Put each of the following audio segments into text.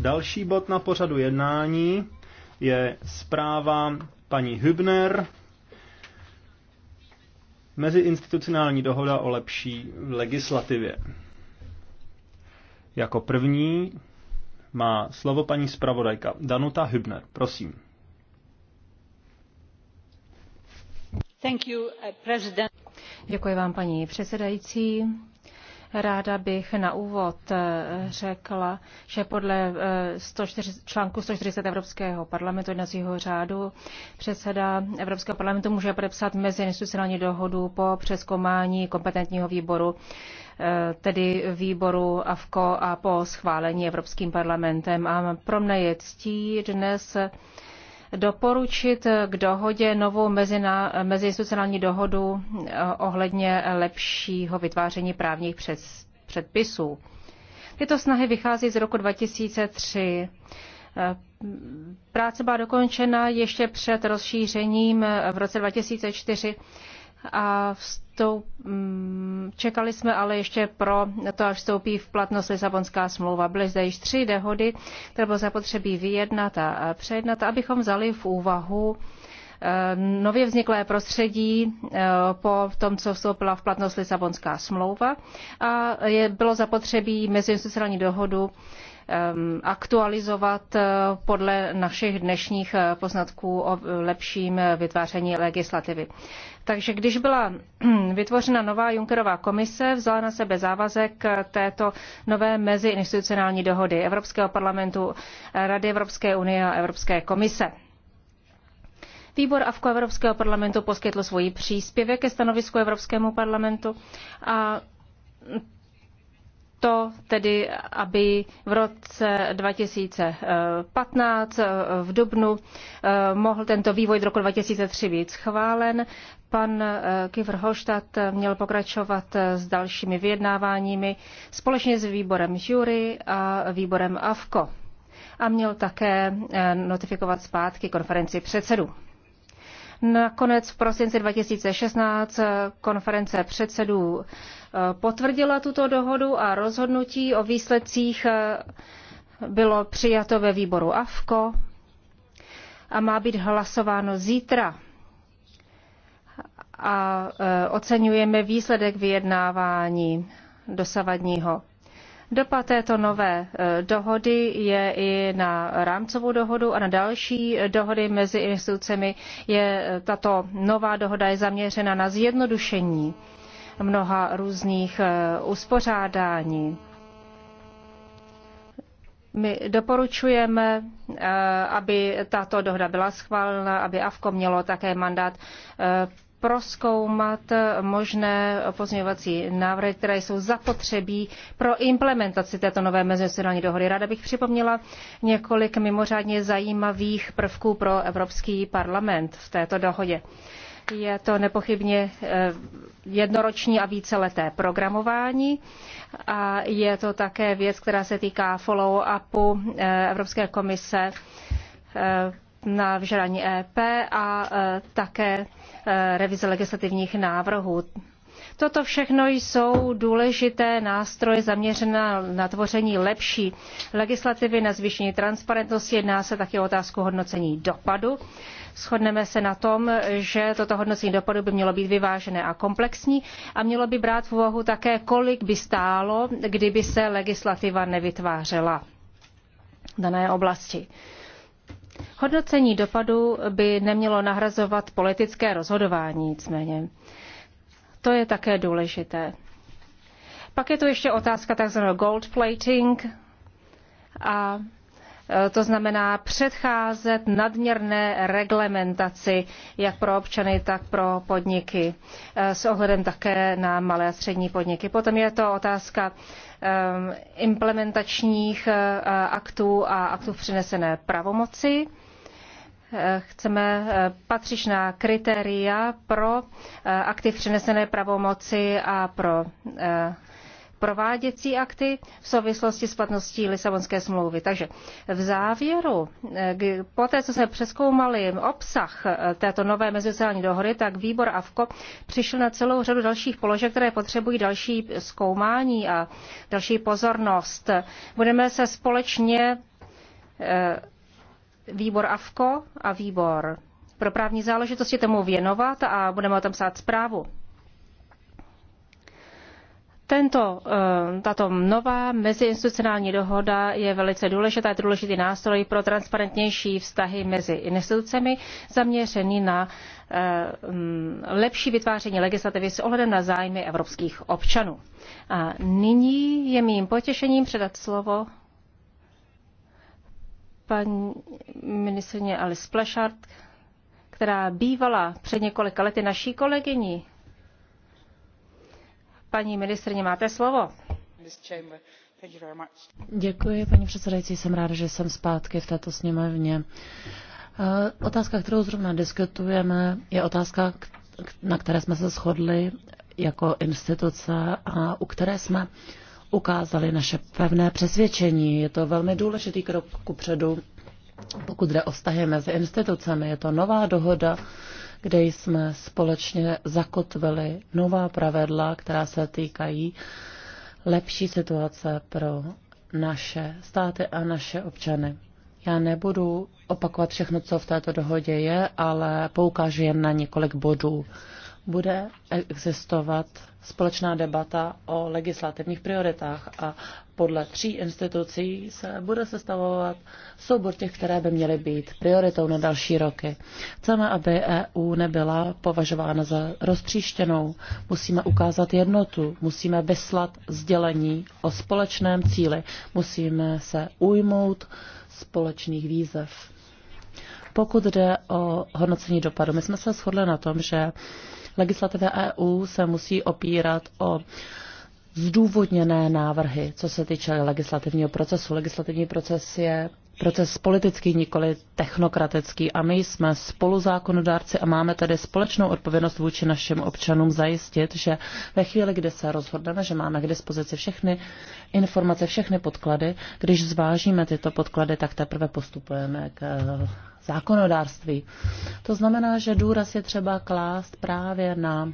Další bod na pořadu jednání je zpráva paní Hübner. Meziinstitucionální dohoda o lepší legislativě. Jako první má slovo paní zpravodajka Danuta Hübner. Prosím. Thank you, uh, Děkuji vám, paní předsedající Ráda bych na úvod eh, řekla, že podle 140, eh, článku 140 Evropského parlamentu jednacího řádu předseda Evropského parlamentu může podepsat meziinstitucionální dohodu po přeskomání kompetentního výboru eh, tedy výboru AFKO a po schválení Evropským parlamentem. A pro mne je ctí dnes doporučit k dohodě novou mezina, meziinstitucionální dohodu eh, ohledně lepšího vytváření právních předpisů. Tyto snahy vychází z roku 2003. Eh, práce byla dokončena ještě před rozšířením eh, v roce 2004 a Tou, mm, čekali jsme ale ještě pro to, až vstoupí v platnost Lisabonská smlouva. Byly zde již tři dehody, které bylo zapotřebí vyjednat a přejednat, abychom vzali v úvahu e, nově vzniklé prostředí e, po tom, co vstoupila v platnost Lisabonská smlouva a je, bylo zapotřebí meziinstitucionální dohodu Um, aktualizovat uh, podle našich dnešních uh, poznatků o lepším uh, vytváření legislativy. Takže když byla vytvořena nová Junckerová komise, vzala na sebe závazek této nové meziinstitucionální dohody Evropského parlamentu, Rady Evropské unie a Evropské komise. Výbor Avko Evropského parlamentu poskytl svůj příspěvek ke stanovisku Evropskému parlamentu a to tedy, aby v roce 2015 eh, v Dubnu eh, mohl tento vývoj do roku 2003 být schválen. Pan eh, Kivr měl pokračovat s dalšími vyjednáváními společně s výborem Jury a výborem AFKO a měl také notifikovat zpátky konferenci předsedů. Nakonec v prosinci 2016 konference předsedů eh, potvrdila tuto dohodu a rozhodnutí o výsledcích eh, bylo přijato ve výboru AFKO a má být hlasováno zítra. A eh, oceňujeme výsledek vyjednávání dosavadního. Dopad této nové eh, dohody je i na rámcovou dohodu a na další eh, dohody mezi institucemi. Je eh, tato nová dohoda je zaměřena na zjednodušení mnoha různých uspořádání. My doporučujeme, aby tato dohoda byla schválena, aby AFKO mělo také mandát proskoumat možné pozměňovací návrhy, které jsou zapotřebí pro implementaci této nové mezinárodní dohody. Ráda bych připomněla několik mimořádně zajímavých prvků pro Evropský parlament v této dohodě. Je to nepochybně eh, jednoroční a víceleté programování a je to také věc, která se týká follow-upu eh, Evropské komise eh, na vžadání EP a také Eh, revize legislativních návrhů. Toto všechno jsou důležité nástroje zaměřené na tvoření lepší legislativy, na zvýšení transparentnosti. Jedná se také o otázku hodnocení dopadu. Shodneme se na tom, že toto hodnocení dopadu by mělo být vyvážené a komplexní a mělo by brát v úvahu také, kolik by stálo, kdyby se legislativa nevytvářela v dané oblasti. Hodnocení dopadu by nemělo nahrazovat politické rozhodování, nicméně. To je také důležité. Pak je tu ještě otázka tzv. gold plating a Eh, to znamená předcházet nadměrné reglementaci jak pro občany, tak pro podniky, eh, s ohledem také na malé a střední podniky. Potom je to otázka ehm, implementačních eh, aktů a aktů přinesené pravomoci. Chceme patřičná kritéria pro aktiv přinesené pravomoci a pro prováděcí akty v souvislosti s platností Lisabonské smlouvy. Takže v závěru, eh, po té, co jsme přeskoumali obsah eh, této nové mezinárodní dohody, tak výbor AVKO přišel na celou řadu dalších položek, které potřebují další zkoumání a další pozornost. Budeme se společně eh, výbor AVKO a výbor pro právní záležitosti tomu věnovat a budeme o tom psát zprávu. Tento, eh, tato nová meziinstitucionální dohoda je velice důležitá, je to důležitý nástroj pro transparentnější vztahy mezi institucemi, zaměřený na eh, mm, lepší vytváření legislativy s ohledem na zájmy evropských občanů. A nyní je mým potěšením předat slovo paní ministrině Alice Plešart, která bývala před několika lety naší kolegyní paní ministrině, máte slovo. Děkuji, paní předsedající. Jsem ráda, že jsem zpátky v této sněmovně. Eh, otázka, kterou zrovna diskutujeme, je otázka, na které jsme se shodli jako instituce a u které jsme ukázali naše pevné přesvědčení. Je to velmi důležitý krok ku předu, pokud jde o vztahy mezi institucemi. Je to nová dohoda, kde jsme společně zakotvili nová pravidla, která se týkají lepší situace pro naše státy a naše občany. Já nebudu opakovat všechno, co v této dohodě je, ale poukážu jen na několik bodů. Bude existovat společná debata o legislativních prioritách a podle tří institucí se bude sestavovat soubor těch, které by měly být prioritou na další roky. Chceme, aby EU nebyla považována za roztříštěnou. Musíme ukázat jednotu, musíme vyslat sdělení o společném cíli, musíme se ujmout společných výzev. Pokud jde o hodnocení dopadu, my jsme se shodli na tom, že legislativa EU se musí opírat o zdůvodněné návrhy, co se týče legislativního procesu. Legislativní proces je proces politický, nikoli technokratický a my jsme spoluzákonodárci a máme tedy společnou odpovědnost vůči našim občanům zajistit, že ve chvíli, kdy se rozhodneme, že máme k dispozici všechny informace, všechny podklady, když zvážíme tyto podklady, tak teprve postupujeme k eh, zákonodárství. To znamená, že důraz je třeba klást právě na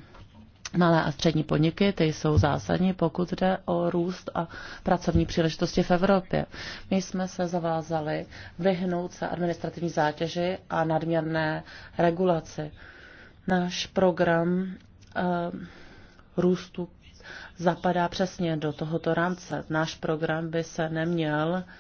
Malé a střední podniky, ty jsou zásadní, pokud jde o růst a pracovní příležitosti v Evropě. My jsme se zavázali vyhnout se administrativní zátěži a nadměrné regulaci. Náš program uh, růstu zapadá přesně do tohoto rámce. Náš program by se neměl uh,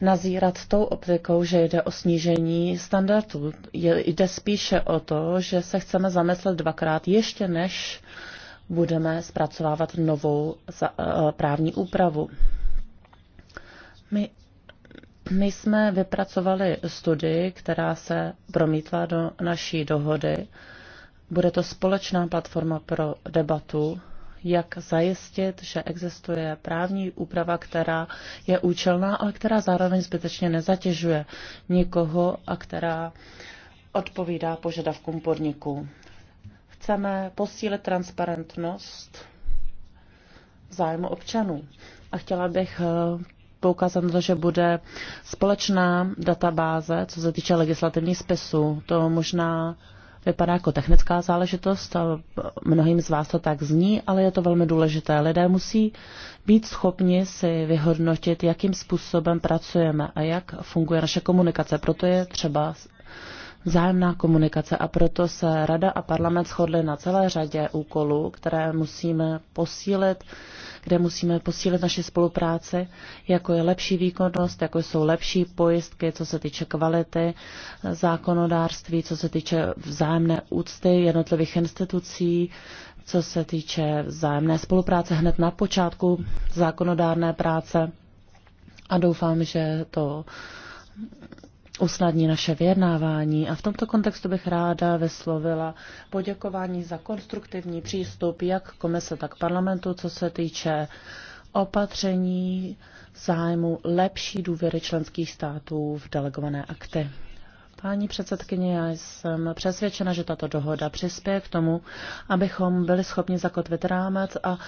nazírat tou optikou, že jde o snížení standardů. Jde spíše o to, že se chceme zamyslet dvakrát ještě než budeme zpracovávat novou eh, právní úpravu. My, my jsme vypracovali studii, která se promítla do naší dohody. Bude to společná platforma pro debatu jak zajistit, že existuje právní úprava, která je účelná, ale která zároveň zbytečně nezatěžuje nikoho a která odpovídá požadavkům podniků. Chceme posílit transparentnost zájmu občanů. A chtěla bych eh, poukázat na to, že bude společná databáze, co se týče legislativních spisů. To možná vypadá jako technická záležitost, a mnohým z vás to tak zní, ale je to velmi důležité. Lidé musí být schopni si vyhodnotit, jakým způsobem pracujeme a jak funguje naše komunikace. Proto je třeba vzájemná komunikace a proto se Rada a parlament shodly na celé řadě úkolů, které musíme posílit, kde musíme posílit naši spolupráci, jako je lepší výkonnost, jako jsou lepší pojistky, co se týče kvality zákonodárství, co se týče vzájemné úcty jednotlivých institucí, co se týče vzájemné spolupráce hned na počátku zákonodárné práce. A doufám, že to usnadní naše vyjednávání. A v tomto kontextu bych ráda vyslovila poděkování za konstruktivní přístup jak komise, tak parlamentu, co se týče opatření zájmu lepší důvěry členských států v delegované akty. Paní předsedkyně, já jsem přesvědčena, že tato dohoda přispěje k tomu, abychom byli schopni zakotvit rámec a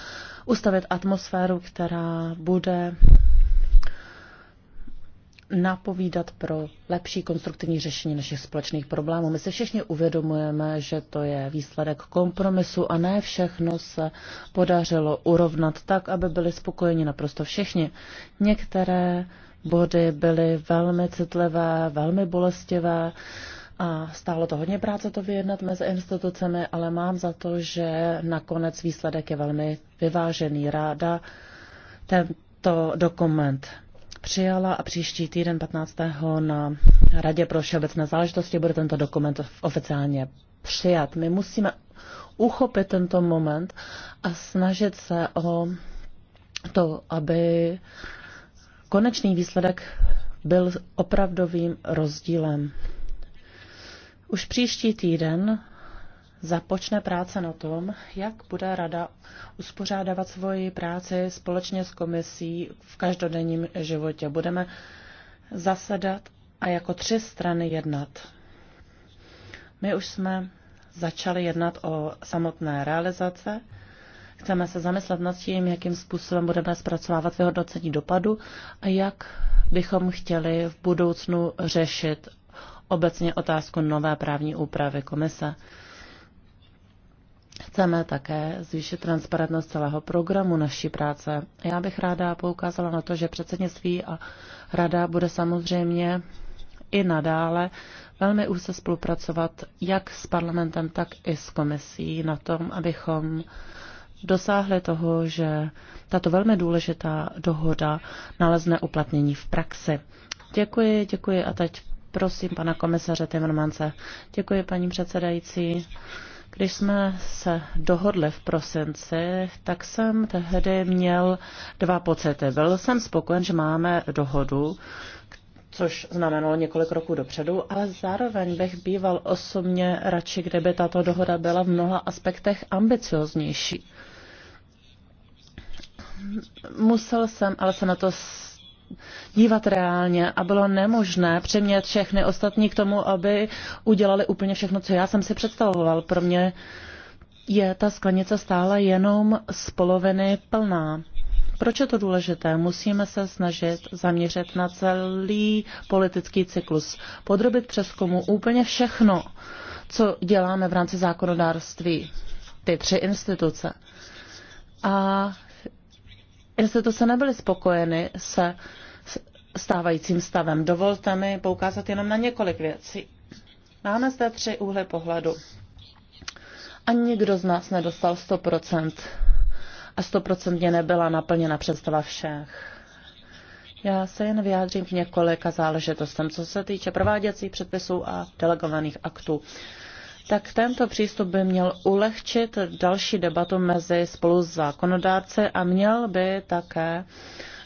ustavit atmosféru, která bude napovídat pro lepší konstruktivní řešení našich společných problémů. My se všichni uvědomujeme, že to je výsledek kompromisu a ne všechno se podařilo urovnat tak, aby byli spokojeni naprosto všichni. Některé body byly velmi citlivé, velmi bolestivé a stálo to hodně práce to vyjednat mezi institucemi, ale mám za to, že nakonec výsledek je velmi vyvážený. Ráda tento dokument přijala a příští týden 15. na Radě pro všeobecné záležitosti bude tento dokument oficiálně přijat. My musíme uchopit tento moment a snažit se o to, aby konečný výsledek byl opravdovým rozdílem. Už příští týden započne práce na tom, jak bude rada uspořádávat svoji práci společně s komisí v každodenním životě. Budeme zasedat a jako tři strany jednat. My už jsme začali jednat o samotné realizace. Chceme se zamyslet nad tím, jakým způsobem budeme zpracovávat vyhodnocení dopadu a jak bychom chtěli v budoucnu řešit obecně otázku nové právní úpravy komise. Chceme také zvýšit transparentnost celého programu naší práce. Já bych ráda poukázala na to, že předsednictví a rada bude samozřejmě i nadále velmi úzce spolupracovat jak s parlamentem, tak i s komisí na tom, abychom dosáhli toho, že tato velmi důležitá dohoda nalezne uplatnění v praxi. Děkuji, děkuji a teď prosím pana komisaře Timmermanse. Děkuji, paní předsedající. Když jsme se dohodli v prosinci, tak jsem tehdy měl dva pocity. Byl jsem spokojen, že máme dohodu, což znamenalo několik roků dopředu, ale zároveň bych býval osobně radši, kdyby tato dohoda byla v mnoha aspektech ambicioznější. Musel jsem ale se na to dívat reálně a bylo nemožné přemět všechny ostatní k tomu, aby udělali úplně všechno, co já jsem si představoval. Pro mě je ta sklenice stále jenom z poloviny plná. Proč je to důležité? Musíme se snažit zaměřit na celý politický cyklus, podrobit přeskumu úplně všechno, co děláme v rámci zákonodárství, ty tři instituce. A instituce nebyly spokojeny se stávajícím stavem. Dovolte mi poukázat jenom na několik věcí. Máme zde tři úhly pohledu. A nikdo z nás nedostal 100% a 100% nebyla naplněna představa všech. Já se jen vyjádřím k několika záležitostem, co se týče prováděcích předpisů a delegovaných aktů tak tento přístup by měl ulehčit další debatu mezi spolu zákonodárce a měl by také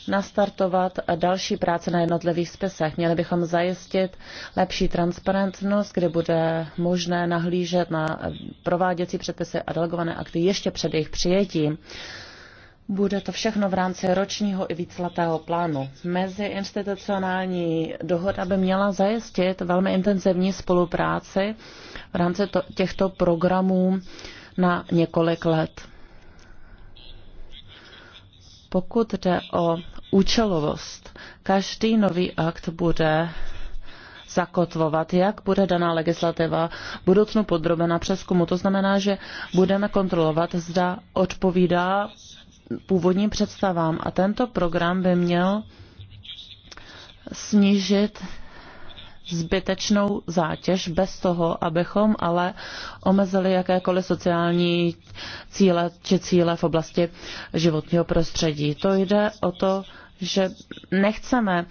nastartovat další práce na jednotlivých spisech. Měli bychom zajistit lepší transparentnost, kde bude možné nahlížet na prováděcí předpisy a delegované akty ještě před jejich přijetím. Bude to všechno v rámci ročního i víceletého plánu. Meziinstitucionální dohoda by měla zajistit velmi intenzivní spolupráci v rámci to, těchto programů na několik let. Pokud jde o účelovost, každý nový akt bude zakotvovat, jak bude daná legislativa v budoucnu podrobena přeskumu. To znamená, že budeme kontrolovat, zda odpovídá původním představám. A tento program by měl snížit zbytečnou zátěž bez toho, abychom ale omezili jakékoliv sociální cíle či cíle v oblasti životního prostředí. To jde o to že nechceme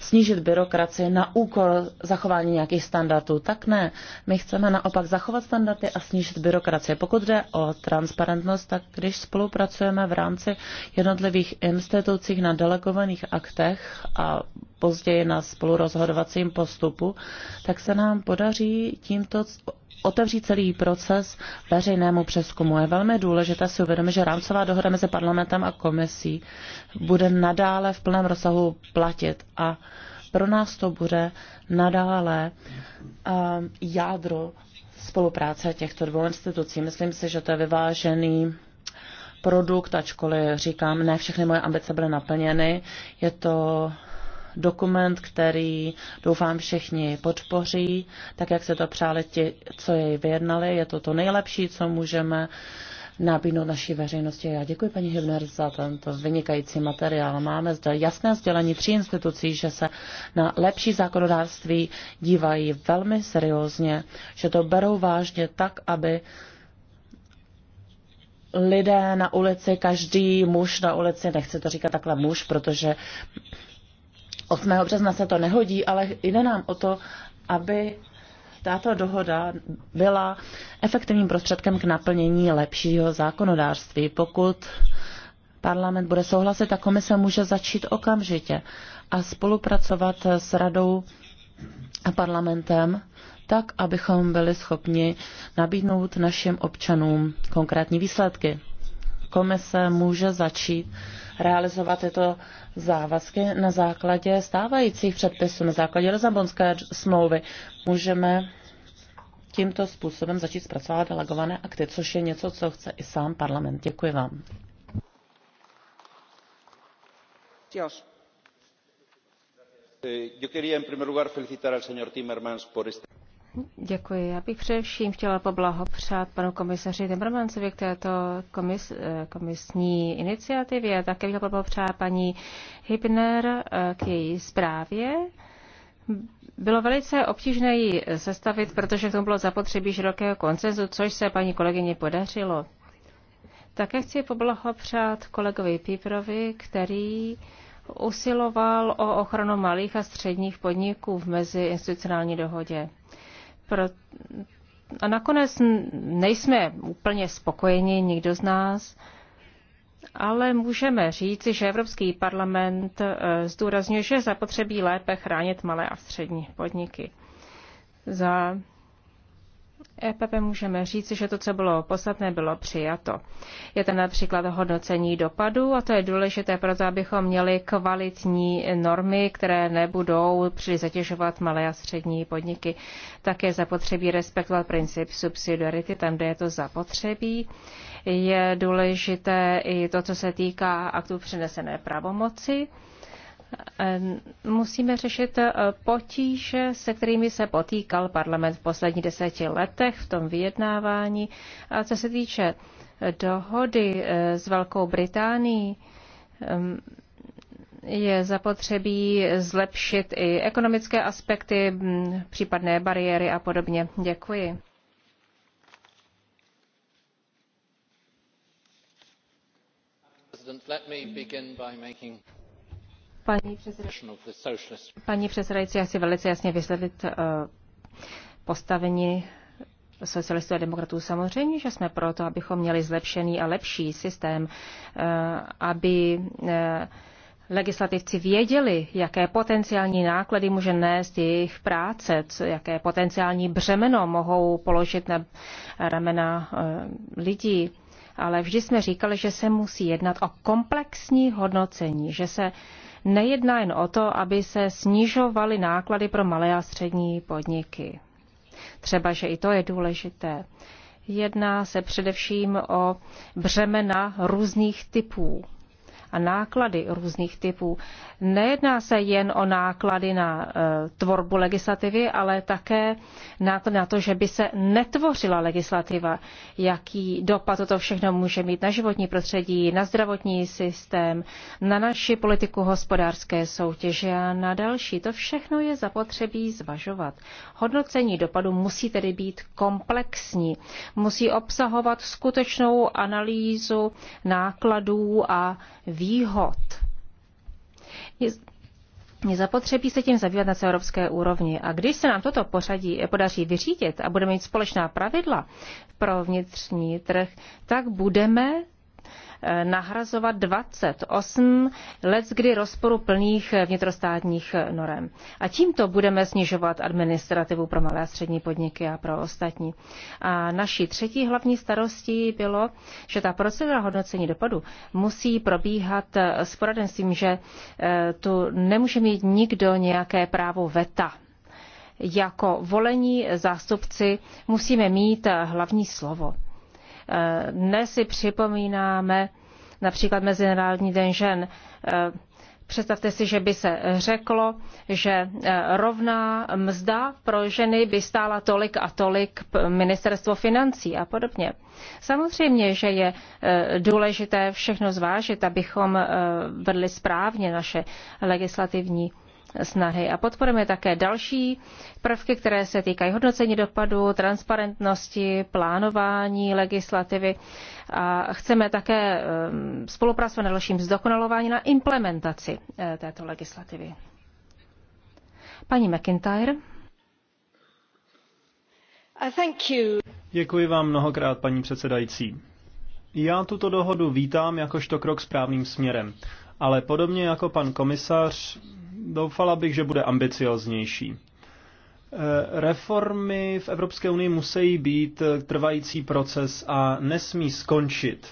snížit byrokracii na úkor zachování nějakých standardů. Tak ne, my chceme naopak zachovat standardy a snížit byrokracii. Pokud jde o transparentnost, tak když spolupracujeme v rámci jednotlivých institucích na delegovaných aktech a později na spolurozhodovacím postupu, tak se nám podaří tímto otevřít celý proces veřejnému přeskumu. Je velmi důležité si uvědomit, že rámcová dohoda mezi parlamentem a komisí bude nadále v plném rozsahu platit a pro nás to bude nadále eh, jádro spolupráce těchto dvou institucí. Myslím si, že to je vyvážený produkt, ačkoliv říkám, ne všechny moje ambice byly naplněny. Je to dokument, který doufám všichni podpoří, tak jak se to přáli ti, co jej vyjednali. Je to to nejlepší, co můžeme nabídnout naší veřejnosti. Já děkuji paní Hibner za tento vynikající materiál. Máme zde jasné sdělení tří institucí, že se na lepší zákonodárství dívají velmi seriózně, že to berou vážně tak, aby lidé na ulici, každý muž na ulici, nechci to říkat takhle muž, protože 8. března se to nehodí, ale jde nám o to, aby tato dohoda byla efektivním prostředkem k naplnění lepšího zákonodárství. Pokud parlament bude souhlasit, tak komise může začít okamžitě a spolupracovat s radou a parlamentem tak, abychom byli schopni nabídnout našim občanům konkrétní výsledky. Komise může začít realizovat tyto závazky na základě stávajících předpisů, na základě Lisabonské smlouvy. Můžeme tímto způsobem začít zpracovat delegované akty, což je něco, co chce i sám parlament. Děkuji vám. Dios. Eh, yo quería en primer lugar felicitar al señor Timmermans por este Děkuji. Já bych především chtěla poblahopřát panu komisaři Timmermansovi k této komis, eh, komisní iniciativě. Také bych poblahopřát paní Hybner eh, k její zprávě. Bylo velice obtížné ji sestavit, protože k tomu bylo zapotřebí širokého koncenzu, což se paní kolegyně podařilo. Také chci poblahopřát kolegovi Píprovi, který usiloval o ochranu malých a středních podniků v institucionální dohodě. Pro... A nakonec nejsme úplně spokojeni, nikdo z nás, ale můžeme říci, že Evropský parlament eh, zdůrazňuje, že zapotřebí lépe chránit malé a střední podniky. Za EPP můžeme říct, že to, co bylo podstatné, bylo přijato. Je to například hodnocení dopadu a to je důležité proto, abychom měli kvalitní normy, které nebudou příliš zatěžovat malé a střední podniky. Také zapotřebí respektovat princip subsidiarity tam, kde je to zapotřebí. Je důležité i to, co se týká aktů přenesené pravomoci. Eh, musíme řešit eh, potíže, se kterými se potýkal parlament v posledních deseti letech v tom vyjednávání. A co se týče eh, dohody s Velkou Británií, je zapotřebí zlepšit i ekonomické aspekty, mm, případné bariéry a podobně. Děkuji. Paní, předsedající, já chci velice jasně vysvětlit eh, postavení socialistů a demokratů. Samozřejmě, že jsme proto, abychom měli zlepšený a lepší systém, eh, aby eh, legislativci věděli, jaké potenciální náklady může nést jejich práce, jaké potenciální břemeno mohou položit na ramena lidí. Ale vždy jsme říkali, že se musí jednat o komplexní hodnocení, že se nejedná jen o to, aby se snižovaly náklady pro malé a střední podniky. Třeba, že i to je důležité. Jedná se především o břemena různých typů a náklady různých typů. Nejedná se jen o náklady na eh, tvorbu legislativy, ale také na to, na to, že by se netvořila legislativa. Jaký dopad toto všechno může mít na životní prostředí, na zdravotní systém, na naši politiku hospodářské soutěže a na další. To všechno je zapotřebí zvažovat. Hodnocení dopadu musí tedy být komplexní. Musí obsahovat skutečnou analýzu nákladů a výhod. Je, je zapotřebí se tím zabývat na celoevropské úrovni. A když se nám toto pořadí, eh, podaří vyřídit a budeme mít společná pravidla pro vnitřní trh, tak budeme Eh, nahrazovat dvacet let kdy rozporuplných eh, vnitrostátních eh, norem. A tímto budeme snižovat administrativu pro malé a střední podniky a pro ostatní. A naší třetí hlavní starostí bylo, že ta procedura hodnocení dopadu musí probíhat s poradenstvím, že tu nemůže mít nikdo nějaké právo veta jako volení zástupci musíme mít hlavní slovo. Dnes si připomínáme například Mezinárodní den žen. Představte si, že by se řeklo, že rovná mzda pro ženy by stála tolik a tolik ministerstvo financí a podobně. Samozřejmě, že je eh, důležité všechno zvážit, abychom eh, vedli správně naše legislativní snahy. A podporujeme také další prvky, které se týkají hodnocení dopadu, transparentnosti, plánování legislativy a chceme také spolupracovat na dalším zdokonalování na implementaci eh, této legislativy. Paní McIntyre. Uh, Děkuji vám mnohokrát, paní předsedající. Já tuto dohodu vítám jakožto krok správným směrem, ale podobně jako pan komisař doufala bych, že bude ambicioznější. Eh, reformy v Evropské unii musí být trvající proces a nesmí skončit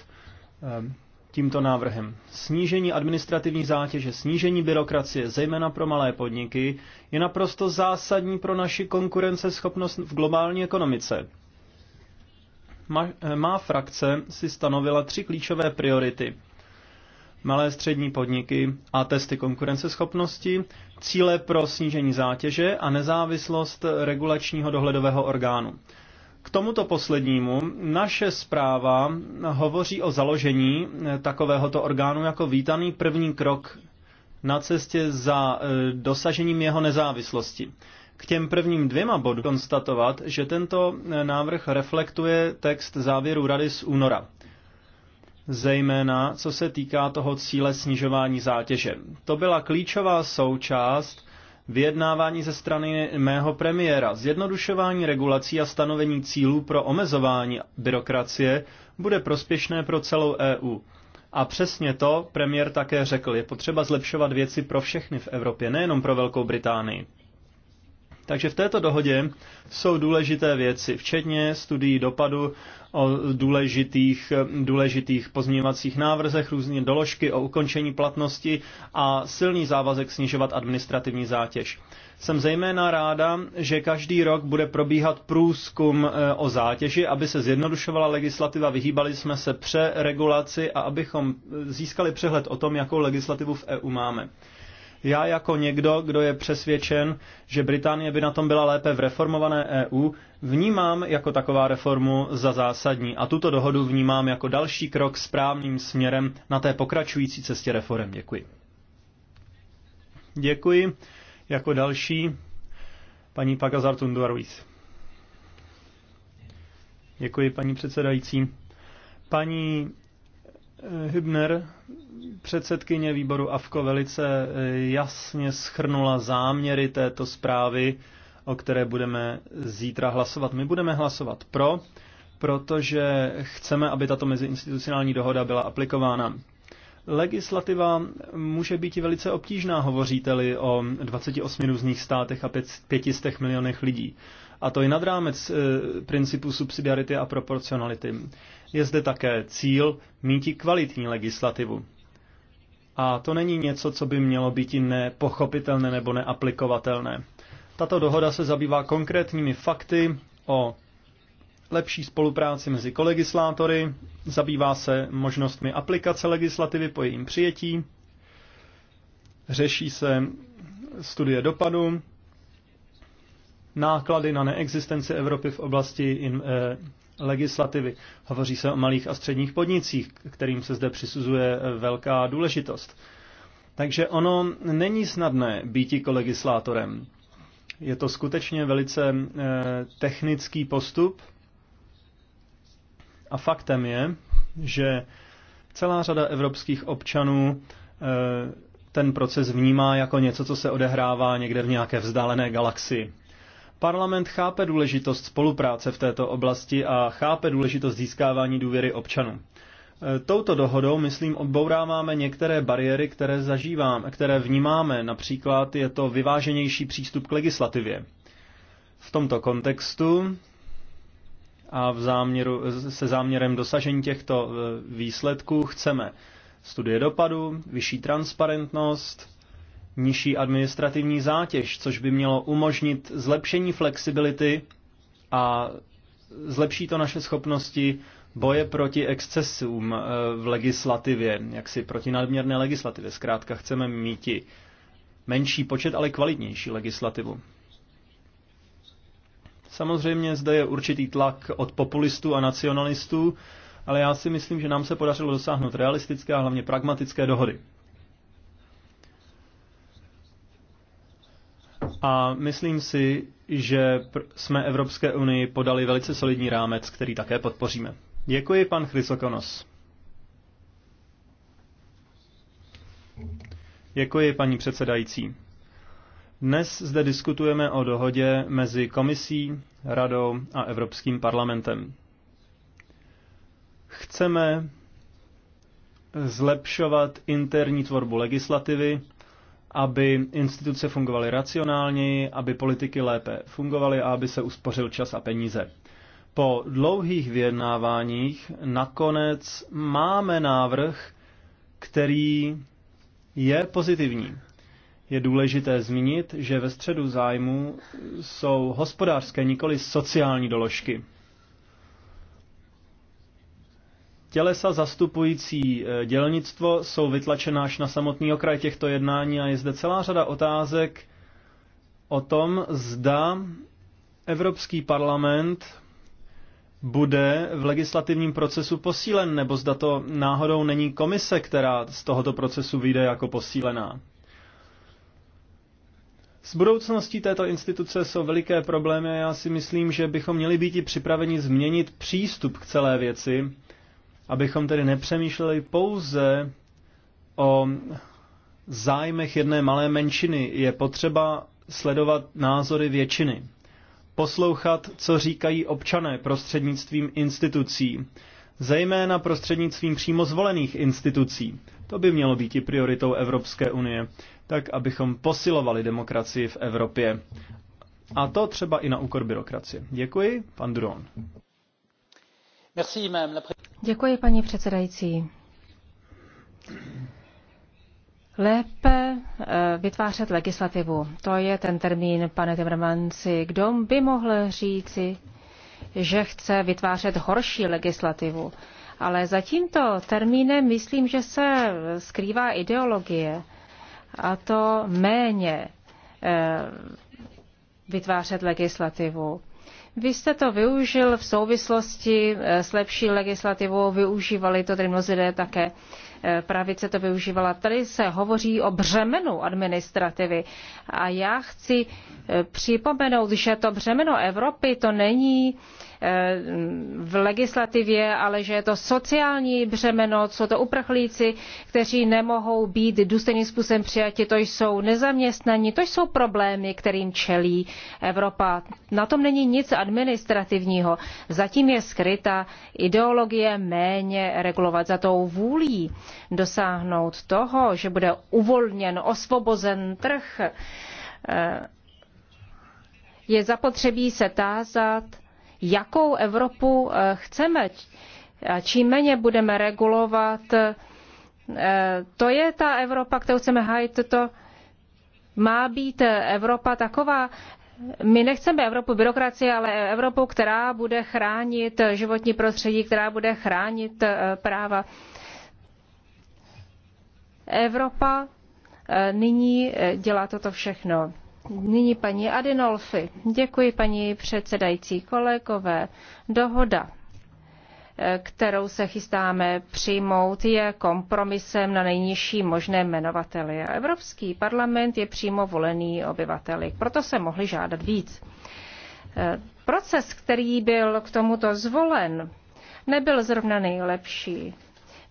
eh, tímto návrhem. Snížení administrativní zátěže, snížení byrokracie, zejména pro malé podniky, je naprosto zásadní pro naši konkurenceschopnost v globální ekonomice. Má, eh, má frakce si stanovila tři klíčové priority malé střední podniky a testy konkurenceschopnosti, cíle pro snížení zátěže a nezávislost regulačního dohledového orgánu. K tomuto poslednímu naše zpráva hovoří o založení takovéhoto orgánu jako vítaný první krok na cestě za e, dosažením jeho nezávislosti. K těm prvním dvěma bodům konstatovat, že tento návrh reflektuje text závěru Rady z února zejména co se týká toho cíle snižování zátěže. To byla klíčová součást vyjednávání ze strany mého premiéra. Zjednodušování regulací a stanovení cílů pro omezování byrokracie bude prospěšné pro celou EU. A přesně to premiér také řekl. Je potřeba zlepšovat věci pro všechny v Evropě, nejenom pro Velkou Británii. Takže v této dohodě jsou důležité věci, včetně studií dopadu o důležitých, důležitých pozměňovacích návrzech, různé doložky o ukončení platnosti a silný závazek snižovat administrativní zátěž. Jsem zejména ráda, že každý rok bude probíhat průzkum eh, o zátěži, aby se zjednodušovala legislativa, vyhýbali jsme se pře-regulaci a abychom eh, získali přehled o tom, jakou legislativu v EU máme. Já jako někdo, kdo je přesvědčen, že Británie by na tom byla lépe v reformované EU, vnímám jako taková reformu za zásadní a tuto dohodu vnímám jako další krok správným směrem na té pokračující cestě reform. Děkuji. Děkuji. Jako další paní Pagazar Tunduaruiz. Děkuji, paní předsedající. Paní Eh, Hübner, předsedkyně výboru AFKO, velice eh, jasně schrnula záměry této zprávy, o které budeme zítra hlasovat. My budeme hlasovat pro, protože chceme, aby tato meziinstitucionální dohoda byla aplikována. Legislativa může být i velice obtížná, hovoříte-li o 28 různých státech a 500 milionech lidí. A to i nad rámec e, principu subsidiarity a proporcionality. Je zde také cíl mít kvalitní legislativu. A to není něco, co by mělo být nepochopitelné nebo neaplikovatelné. Tato dohoda se zabývá konkrétními fakty o lepší spolupráci mezi kolegislátory, zabývá se možnostmi aplikace legislativy po jejím přijetí, řeší se studie dopadu, náklady na neexistenci Evropy v oblasti in, e, legislativy. Hovoří se o malých a středních podnicích, kterým se zde přisuzuje eh, velká důležitost. Takže ono není snadné býti kolegislátorem. Je to skutečně velice e, technický postup a faktem je, že celá řada evropských občanů e, ten proces vnímá jako něco, co se odehrává někde v nějaké vzdálené galaxii. Parlament chápe důležitost spolupráce v této oblasti a chápe důležitost získávání důvěry občanů. E, touto dohodou, myslím, odbouráváme některé bariéry, které zažíváme, které vnímáme. Například je to vyváženější přístup k legislativě. V tomto kontextu a v záměru, se záměrem dosažení těchto e, výsledků chceme studie dopadu, vyšší transparentnost, nižší administrativní zátěž, což by mělo umožnit zlepšení flexibility a zlepší to naše schopnosti boje proti excesům eh, v legislativě, jaksi proti nadměrné legislativě. Zkrátka chceme mít menší počet, ale kvalitnější legislativu. Samozřejmě zde je určitý tlak od populistů a nacionalistů, ale já si myslím, že nám se podařilo dosáhnout realistické a hlavně pragmatické dohody. A myslím si, že jsme Evropské unii podali velice solidní rámec, který také podpoříme. Děkuji, pan Chrysokonos. Děkuji, paní předsedající. Dnes zde diskutujeme o dohodě mezi komisí, radou a Evropským parlamentem. Chceme zlepšovat interní tvorbu legislativy, aby instituce fungovaly racionálněji, aby politiky lépe fungovaly a aby se uspořil čas a peníze. Po dlouhých vyjednáváních nakonec máme návrh, který je pozitivní. Je důležité zmínit, že ve středu zájmu jsou hospodářské, nikoli sociální doložky. Tělesa zastupující eh, dělnictvo jsou vytlačená až na samotný okraj těchto jednání a je zde celá řada otázek o tom, zda Evropský parlament bude v legislativním procesu posílen, nebo zda to náhodou není komise, která z tohoto procesu vyjde jako posílená. S budoucností této instituce jsou veliké problémy a já si myslím, že bychom měli být i připraveni změnit přístup k celé věci, abychom tedy nepřemýšleli pouze o zájmech jedné malé menšiny. Je potřeba sledovat názory většiny. Poslouchat, co říkají občané prostřednictvím institucí, zejména prostřednictvím přímo zvolených institucí. To by mělo být i prioritou Evropské unie, tak abychom posilovali demokracii v Evropě. A to třeba i na úkor byrokracie. Děkuji, pan Duron. Děkuji, paní předsedající. Lépe eh, vytvářet legislativu. To je ten termín, pane Timmermansi. Kdo by mohl říci, že chce vytvářet horší legislativu? Ale za tímto termínem myslím, že se skrývá ideologie. A to méně eh, vytvářet legislativu. Vy jste to využil v souvislosti eh, s lepší legislativou, využívali to tedy mnozí lidé také eh, pravice to využívala. Tady se hovoří o břemenu administrativy a já chci eh, připomenout, že to břemeno Evropy to není v legislativě, ale že je to sociální břemeno, jsou to uprchlíci, kteří nemohou být důstojným způsobem přijati, to jsou nezaměstnaní, to jsou problémy, kterým čelí Evropa. Na tom není nic administrativního. Zatím je skryta ideologie méně regulovat za tou vůlí dosáhnout toho, že bude uvolněn, osvobozen trh. Eh, je zapotřebí se tázat, jakou Evropu eh, chceme. A čím méně budeme regulovat, eh, to je ta Evropa, kterou chceme hájit. To má být Evropa taková, my nechceme Evropu byrokracie, ale Evropu, která bude chránit životní prostředí, která bude chránit eh, práva. Evropa nyní dělá toto všechno. Nyní paní Adinolfi. Děkuji paní předsedající kolegové. Dohoda eh, kterou se chystáme přijmout, je kompromisem na nejnižší možné jmenovateli. A Evropský parlament je přímo volený obyvateli, proto se mohli žádat víc. Eh, Proces, který byl k tomuto zvolen, nebyl zrovna nejlepší.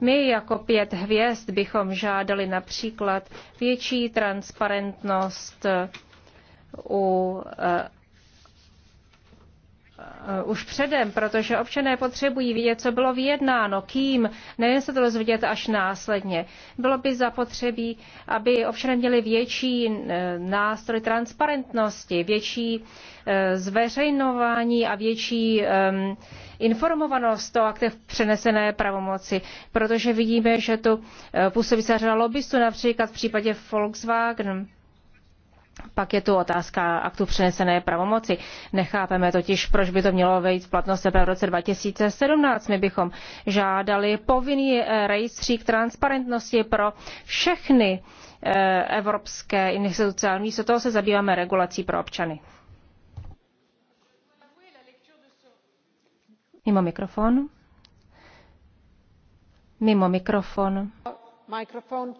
My jako pět hvězd bychom žádali například větší transparentnost u eh, eh, už předem, protože občané potřebují vidět, co bylo vyjednáno, kým, nejen se to dozvědět až následně. Bylo by zapotřebí, aby občané měli větší eh, nástroj transparentnosti, větší zveřejnování a větší ehm, informovanost o aktech přenesené pravomoci, protože vidíme, že tu působí se řada lobbystů, například v případě Volkswagen pak je tu otázka aktu přenesené pravomoci. Nechápeme totiž, proč by to mělo vejít v platnost teprve v roce 2017. My bychom žádali povinný eh, rejstřík transparentnosti pro všechny eh, evropské instituce, ale místo toho se zabýváme regulací pro občany. Mimo mikrofon. Mimo mikrofon. Mikrofon.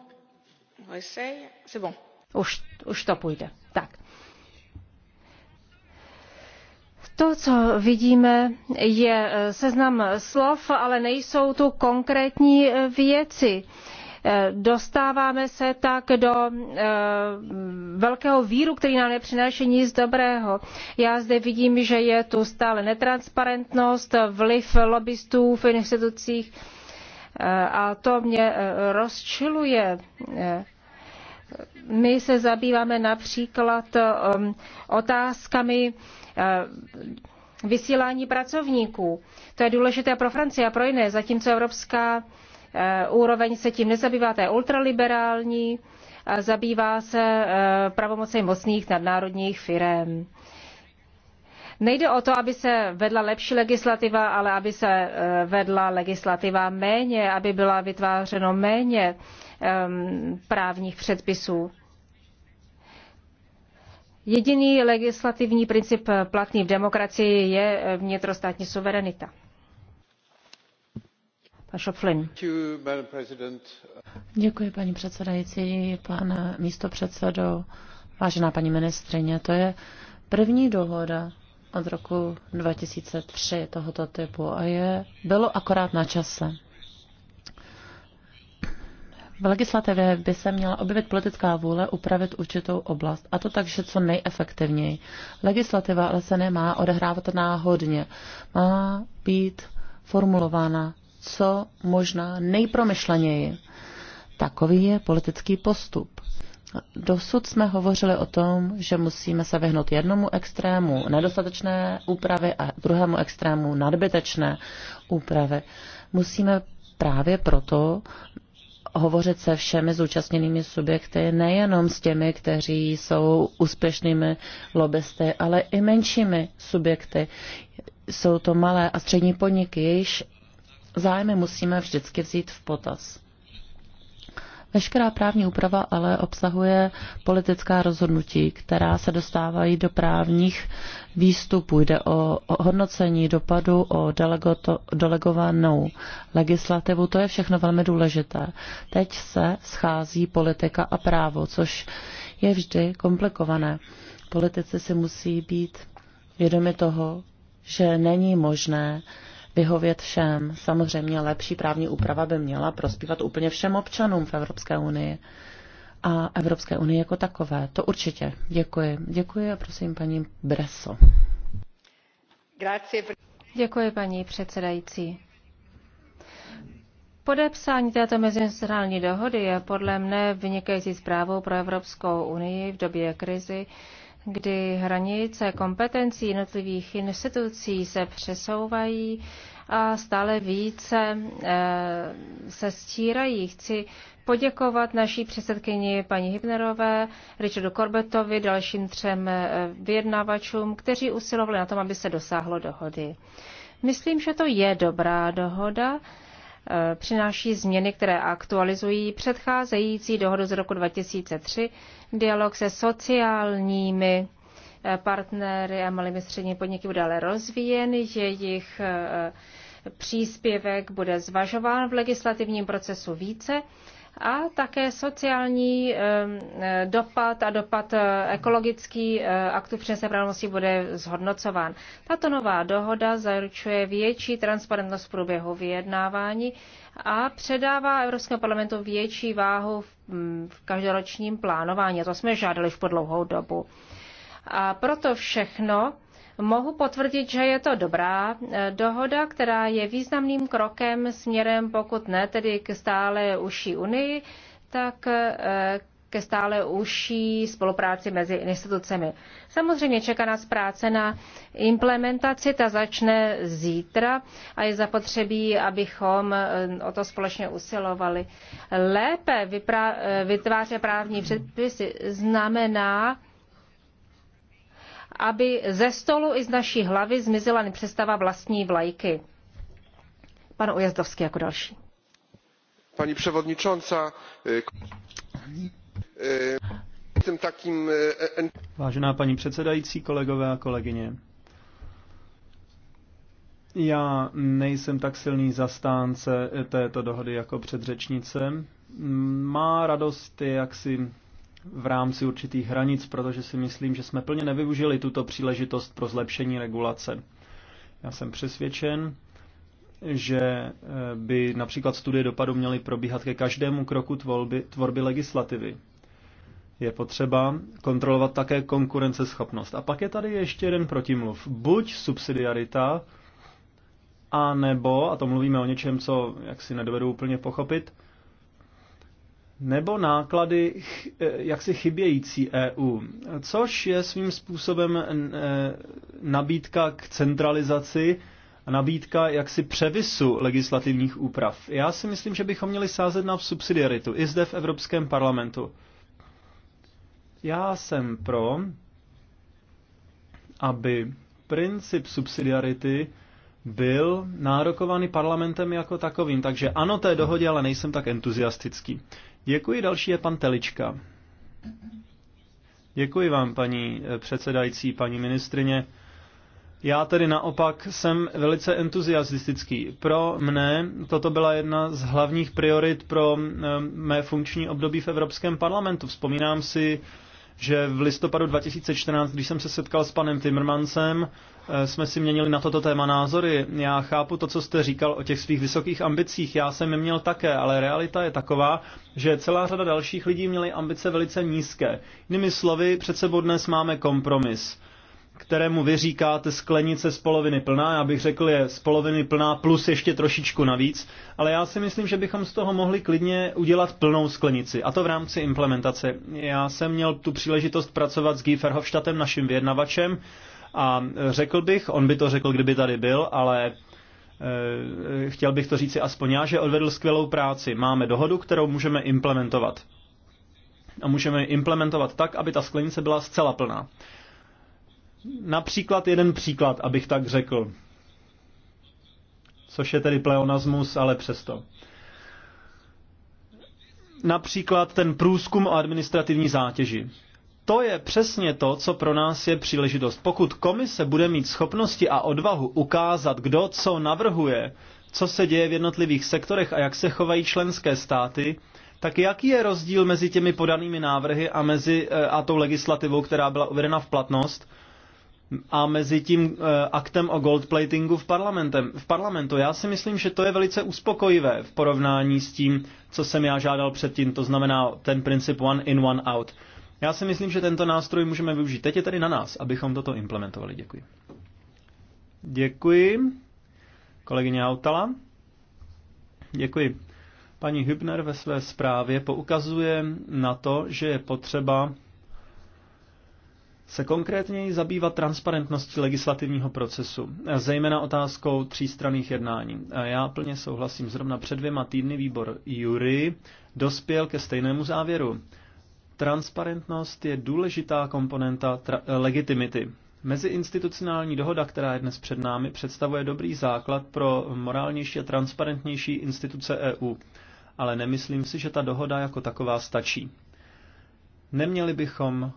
Už, už to půjde. Tak. To, co vidíme, je eh, seznam slov, ale nejsou tu konkrétní eh, věci. Eh, dostáváme se tak do velkého víru, který nám nepřináší nic dobrého. Já zde vidím, že je tu stále netransparentnost, vliv lobbystů v institucích a to mě rozčiluje my se zabýváme například um, otázkami uh, vysílání pracovníků. To je důležité pro Francii a pro jiné, zatímco evropská uh, úroveň se tím nezabývá, to je ultraliberální, zabývá se uh, pravomocí mocných nadnárodních firm. Nejde o to, aby se vedla lepší legislativa, ale aby se vedla legislativa méně, aby byla vytvářeno méně Um, právních předpisů. Jediný legislativní princip platný v demokracii je eh, vnitrostátní suverenita. Děkuji, paní předsedající, pane místopředsedo, vážená paní ministrině. To je první dohoda od roku 2003 tohoto typu a je, bylo akorát na čase. V legislativě by se měla objevit politická vůle upravit určitou oblast, a to tak, že co nejefektivněji. Legislativa ale se nemá odehrávat náhodně. Má být formulována co možná nejpromyšleněji. Takový je politický postup. Dosud jsme hovořili o tom, že musíme se vyhnout jednomu extrému nedostatečné úpravy a druhému extrému nadbytečné úpravy. Musíme právě proto hovořit se všemi zúčastněnými subjekty, nejenom s těmi, kteří jsou úspěšnými lobbysty, ale i menšími subjekty. Jsou to malé a střední podniky, jejichž zájmy musíme vždycky vzít v potaz. Veškerá právní úprava ale obsahuje politická rozhodnutí, která se dostávají do právních výstupů. Jde o hodnocení dopadu, o delegoto, delegovanou legislativu. To je všechno velmi důležité. Teď se schází politika a právo, což je vždy komplikované. Politici si musí být vědomi toho, že není možné vyhovět všem. Samozřejmě lepší právní úprava by měla prospívat úplně všem občanům v Evropské unii a Evropské unii jako takové. To určitě. Děkuji. Děkuji a prosím paní Breso. Děkuji, paní předsedající. Podepsání této mezinárodní dohody je podle mne vynikající zprávou pro Evropskou unii v době krizi, kdy hranice kompetencí jednotlivých institucí se přesouvají a stále více eh, se stírají. Chci poděkovat naší předsedkyni paní Hybnerové, Richardu Corbettovi, dalším třem eh, vyjednavačům, kteří usilovali na tom, aby se dosáhlo dohody. Myslím, že to je dobrá dohoda Eh, přináší změny, které aktualizují předcházející dohodu z roku 2003, dialog se sociálními eh, partnery a malými střední podniky bude ale rozvíjen, jejich eh, příspěvek bude zvažován v legislativním procesu více a také sociální eh, dopad a dopad eh, ekologický eh, aktu přenesené pravomocí bude zhodnocován. Tato nová dohoda zaručuje větší transparentnost průběhu vyjednávání a předává Evropskému parlamentu větší váhu v, mm, v každoročním plánování. A to jsme žádali už po dlouhou dobu. A proto všechno, Mohu potvrdit, že je to dobrá eh, dohoda, která je významným krokem směrem, pokud ne tedy k stále užší unii, tak eh, ke stále užší spolupráci mezi institucemi. Samozřejmě čeká nás práce na implementaci, ta začne zítra a je zapotřebí, abychom eh, o to společně usilovali. Lépe vytvářet právní předpisy znamená, aby ze stolu i z naší hlavy zmizela nepřestava vlastní vlajky. Pan Ujazdovský jako další. Pani przewodnicząca, jsem e, takým... E, Vážená paní předsedající, kolegové a kolegyně. Já nejsem tak silný zastánce této dohody jako předřečnice. Má radost jak jaksi v rámci určitých hranic, protože si myslím, že jsme plně nevyužili tuto příležitost pro zlepšení regulace. Já jsem přesvědčen, že eh, by například studie dopadu měly probíhat ke každému kroku tvorby, tvorby legislativy. Je potřeba kontrolovat také konkurenceschopnost. A pak je tady ještě jeden protimluv. Buď subsidiarita, a nebo, a to mluvíme o něčem, co jak si nedovedu úplně pochopit, nebo náklady eh, jaksi chybějící EU, což je svým způsobem eh, nabídka k centralizaci a nabídka jaksi převisu legislativních úprav. Já si myslím, že bychom měli sázet na subsidiaritu i zde v Evropském parlamentu. Já jsem pro, aby princip subsidiarity byl nárokovaný parlamentem jako takovým. Takže ano té dohodě, ale nejsem tak entuziastický. Děkuji, další je pan Telička. Děkuji vám, paní eh, předsedající, paní ministrině. Já tedy naopak jsem velice entuziastický. Pro mne toto byla jedna z hlavních priorit pro eh, mé funkční období v Evropském parlamentu. Vzpomínám si že v listopadu 2014, když jsem se setkal s panem Timmermansem, eh, jsme si měnili na toto téma názory. Já chápu to, co jste říkal o těch svých vysokých ambicích. Já jsem je měl také, ale realita je taková, že celá řada dalších lidí měly ambice velice nízké. Jinými slovy, před sebou dnes máme kompromis kterému vy říkáte sklenice z poloviny plná, já bych řekl je z poloviny plná plus ještě trošičku navíc, ale já si myslím, že bychom z toho mohli klidně udělat plnou sklenici a to v rámci implementace. Já jsem měl tu příležitost pracovat s Guy Verhofstadtem, naším vyjednavačem a řekl bych, on by to řekl, kdyby tady byl, ale e, chtěl bych to říci aspoň já, že odvedl skvělou práci. Máme dohodu, kterou můžeme implementovat. A můžeme implementovat tak, aby ta sklenice byla zcela plná například jeden příklad, abych tak řekl. Což je tedy pleonasmus, ale přesto. Například ten průzkum o administrativní zátěži. To je přesně to, co pro nás je příležitost. Pokud komise bude mít schopnosti a odvahu ukázat, kdo co navrhuje, co se děje v jednotlivých sektorech a jak se chovají členské státy, tak jaký je rozdíl mezi těmi podanými návrhy a, mezi, eh, a tou legislativou, která byla uvedena v platnost, a mezi tím eh, aktem o goldplatingu v, parlamentem, v parlamentu. Já si myslím, že to je velice uspokojivé v porovnání s tím, co jsem já žádal předtím, to znamená ten princip one in, one out. Já si myslím, že tento nástroj můžeme využít. Teď je tedy na nás, abychom toto implementovali. Děkuji. Děkuji. Kolegyně Autala. Děkuji. Paní Hübner ve své zprávě poukazuje na to, že je potřeba se konkrétněji zabývat transparentností legislativního procesu, zejména otázkou třístranných jednání. Já plně souhlasím, zrovna před dvěma týdny výbor Jury dospěl ke stejnému závěru. Transparentnost je důležitá komponenta legitimity. Meziinstitucionální dohoda, která je dnes před námi, představuje dobrý základ pro morálnější a transparentnější instituce EU. Ale nemyslím si, že ta dohoda jako taková stačí. Neměli bychom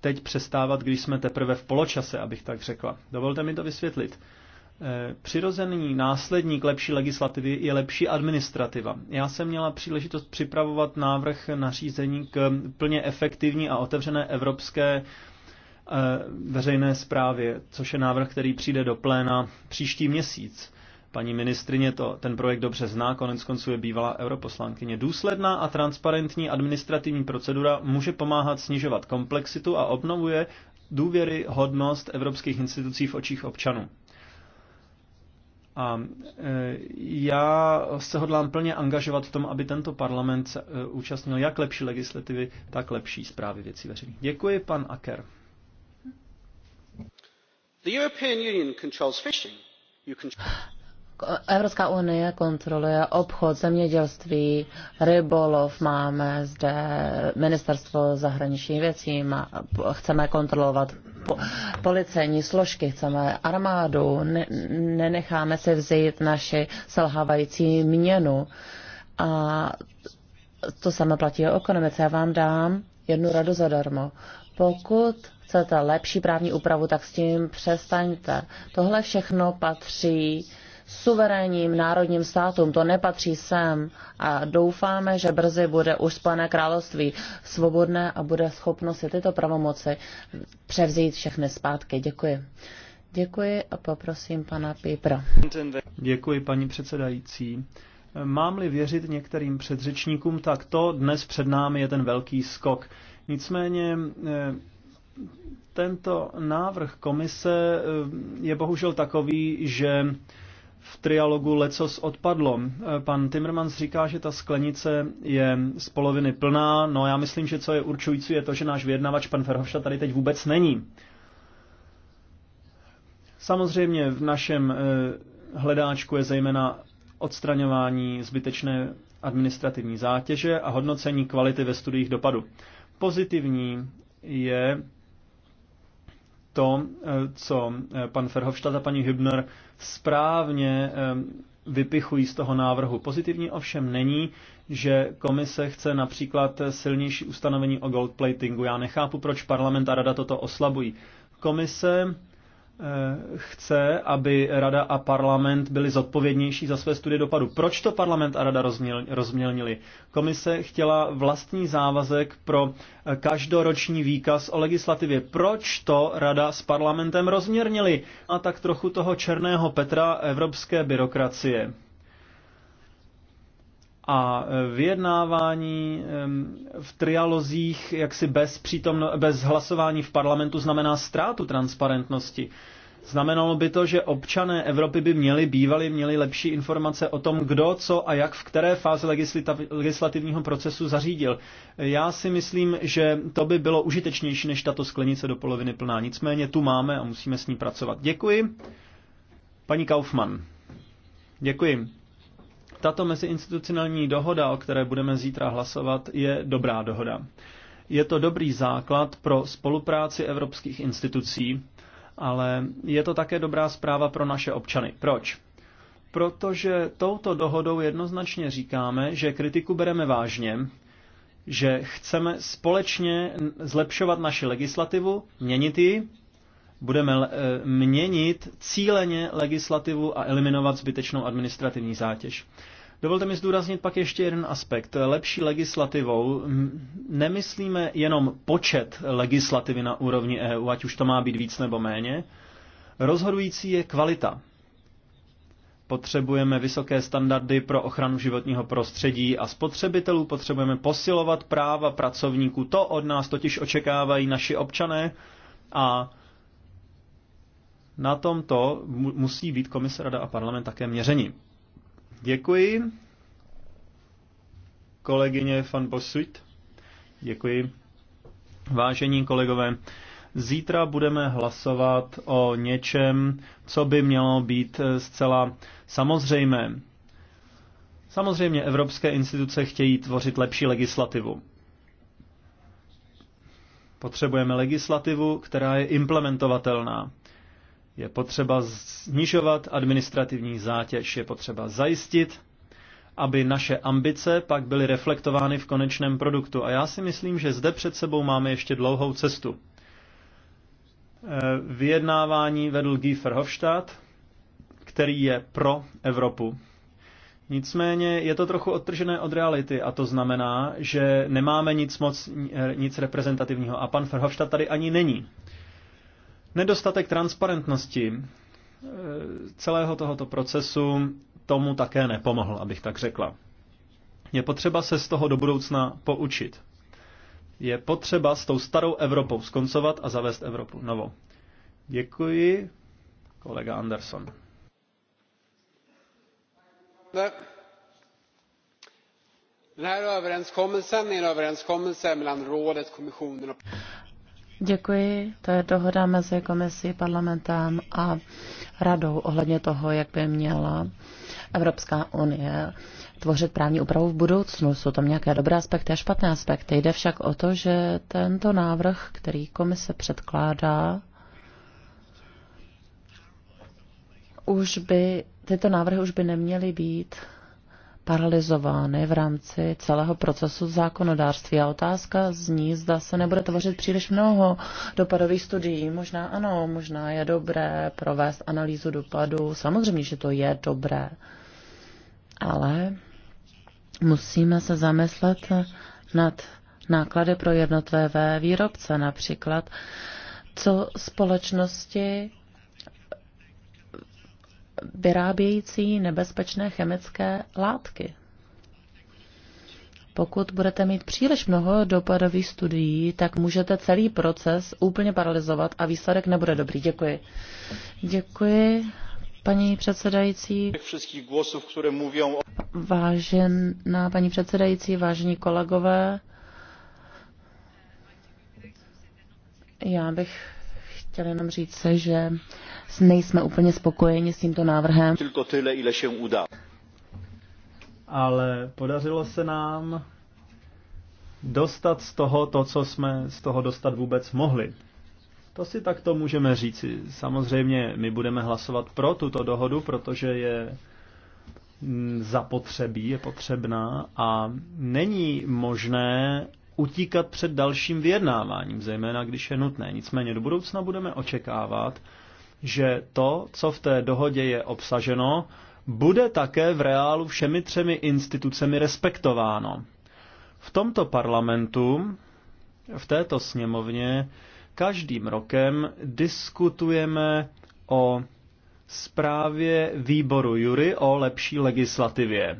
teď přestávat, když jsme teprve v poločase, abych tak řekla. Dovolte mi to vysvětlit. Eh, přirozený následník lepší legislativy je lepší administrativa. Já jsem měla příležitost připravovat návrh nařízení k plně efektivní a otevřené evropské eh, veřejné zprávě, což je návrh, který přijde do pléna příští měsíc. Paní ministrině to, ten projekt dobře zná, konec konců je bývalá europoslankyně. Důsledná a transparentní administrativní procedura může pomáhat snižovat komplexitu a obnovuje důvěryhodnost evropských institucí v očích občanů. A e, já se hodlám plně angažovat v tom, aby tento parlament se e, účastnil jak lepší legislativy, tak lepší zprávy věcí veřejných. Děkuji, pan Aker. The European Union controls fishing. You control... Evropská unie kontroluje obchod, zemědělství, rybolov máme zde, ministerstvo zahraničních věcí, má, chceme kontrolovat po, policejní složky, chceme armádu, ne, nenecháme si vzít naši selhávající měnu. A to samé platí o ekonomice. Já vám dám jednu radu zadarmo. Pokud chcete lepší právní úpravu, tak s tím přestaňte. Tohle všechno patří uh, suverénním národním státům. To nepatří sem a doufáme, že brzy bude už Spojené království svobodné a bude schopno si tyto pravomoci převzít všechny zpátky. Děkuji. Děkuji a poprosím pana Pípra. Děkuji, paní předsedající. Mám-li věřit některým předřečníkům, tak to dnes před námi je ten velký skok. Nicméně eh, tento návrh komise eh, je bohužel takový, že v trialogu lecos odpadlo. Eh, pan Timmermans říká, že ta sklenice je z poloviny plná. No já myslím, že co je určující je to, že náš vyjednavač pan Ferhovša tady teď vůbec není. Samozřejmě v našem eh, hledáčku je zejména odstraňování zbytečné administrativní zátěže a hodnocení kvality ve studiích dopadu. Pozitivní je to, eh, co eh, pan Ferhofstadt a paní Hübner správně eh, vypichují z toho návrhu. Pozitivní ovšem není, že komise chce například silnější ustanovení o goldplatingu. Já nechápu, proč parlament a rada toto oslabují. Komise Eh, chce, aby rada a parlament byly zodpovědnější za své studie dopadu. Proč to parlament a rada rozmělnili? Komise chtěla vlastní závazek pro eh, každoroční výkaz o legislativě. Proč to rada s parlamentem rozměrnili? A tak trochu toho černého Petra evropské byrokracie a e, vyjednávání v trialozích jaksi bez, přítomno, bez hlasování v parlamentu znamená ztrátu transparentnosti. Znamenalo by to, že občané Evropy by měli bývali, měli lepší informace o tom, kdo, co a jak v které fázi legislativního procesu zařídil. Já si myslím, že to by bylo užitečnější než tato sklenice do poloviny plná. Nicméně tu máme a musíme s ní pracovat. Děkuji. Paní Kaufmann. Děkuji. Tato meziinstitucionální dohoda, o které budeme zítra hlasovat, je dobrá dohoda. Je to dobrý základ pro spolupráci evropských institucí, ale je to také dobrá zpráva pro naše občany. Proč? Protože touto dohodou jednoznačně říkáme, že kritiku bereme vážně, že chceme společně zlepšovat naši legislativu, měnit ji budeme eh, měnit cíleně legislativu a eliminovat zbytečnou administrativní zátěž. Dovolte mi zdůraznit pak ještě jeden aspekt. Lepší legislativou hm, nemyslíme jenom počet legislativy na úrovni EU, ať už to má být víc nebo méně. Rozhodující je kvalita. Potřebujeme vysoké standardy pro ochranu životního prostředí a spotřebitelů, potřebujeme posilovat práva pracovníků. To od nás totiž očekávají naši občané a na tomto musí být komise, rada a parlament také měření. Děkuji. Kolegyně van Bosuit. Děkuji. Vážení kolegové, zítra budeme hlasovat o něčem, co by mělo být zcela samozřejmé. Samozřejmě evropské instituce chtějí tvořit lepší legislativu. Potřebujeme legislativu, která je implementovatelná. Je potřeba snižovat administrativní zátěž, je potřeba zajistit, aby naše ambice pak byly reflektovány v konečném produktu. A já si myslím, že zde před sebou máme ještě dlouhou cestu. Eh, vyjednávání vedl Guy Verhofstadt, který je pro Evropu. Nicméně je to trochu odtržené od reality a to znamená, že nemáme nic moc, eh, nic reprezentativního a pan Verhofstadt tady ani není. Nedostatek transparentnosti eh, celého tohoto procesu tomu také nepomohl, abych tak řekla. Je potřeba se z toho do budoucna poučit. Je potřeba s tou starou Evropou skoncovat a zavést Evropu novou. Děkuji, kolega Anderson. Ne. Den här överenskommelsen är en överenskommelse mellan rådet, kommissionen och Děkuji. To je dohoda mezi komisí, parlamentem a radou ohledně toho, jak by měla Evropská unie tvořit právní úpravu v budoucnu. Jsou tam nějaké dobré aspekty a špatné aspekty. Jde však o to, že tento návrh, který komise předkládá, už by, tyto návrhy už by neměly být paralizovány v rámci celého procesu zákonodárství. A otázka zní, zda se nebude tvořit příliš mnoho dopadových studií. Možná ano, možná je dobré provést analýzu dopadu. Samozřejmě, že to je dobré. Ale musíme se zamyslet nad náklady pro jednotlivé výrobce, například co společnosti vyrábějící nebezpečné chemické látky. Pokud budete mít příliš mnoho dopadových studií, tak můžete celý proces úplně paralizovat a výsledek nebude dobrý. Děkuji. Děkuji, paní předsedající. Všech głosów, které mluví o... Vážená paní předsedající, vážení kolegové, já bych chtěl jenom říct se, že nejsme úplně spokojeni s tímto návrhem. tyle, ile Ale podařilo se nám dostat z toho to, co jsme z toho dostat vůbec mohli. To si takto můžeme říci. Samozřejmě my budeme hlasovat pro tuto dohodu, protože je zapotřebí, je potřebná a není možné utíkat před dalším vyjednáváním, zejména když je nutné. Nicméně do budoucna budeme očekávat, že to, co v té dohodě je obsaženo, bude také v reálu všemi třemi institucemi respektováno. V tomto parlamentu, v této sněmovně, každým rokem diskutujeme o zprávě výboru Jury o lepší legislativě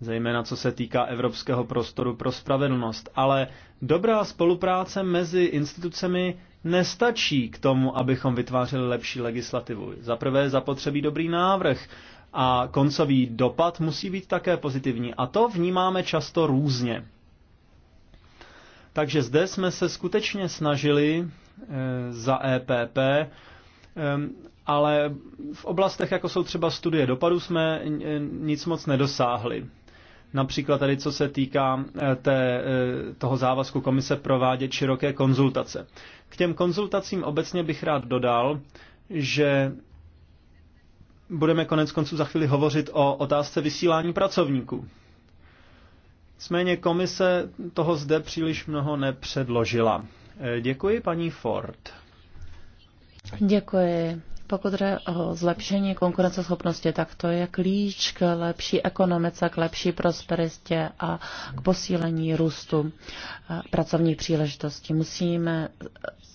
zejména co se týká evropského prostoru pro spravedlnost. Ale dobrá spolupráce mezi institucemi nestačí k tomu, abychom vytvářeli lepší legislativu. Za prvé zapotřebí dobrý návrh a koncový dopad musí být také pozitivní. A to vnímáme často různě. Takže zde jsme se skutečně snažili eh, e, za EPP, e, ehm, ale v oblastech, jako jsou třeba studie dopadu, jsme nic moc nedosáhli například tady co se týká eh, té, eh, toho závazku komise provádět široké konzultace. K těm konzultacím obecně bych rád dodal, že budeme konec konců za chvíli hovořit o otázce vysílání pracovníků. Nicméně komise toho zde příliš mnoho nepředložila. Eh, děkuji paní Ford. Děkuji. Pokud jde o zlepšení konkurenceschopnosti, tak to je klíč k lepší ekonomice, k lepší prosperitě a k posílení růstu eh, pracovních příležitostí. Musíme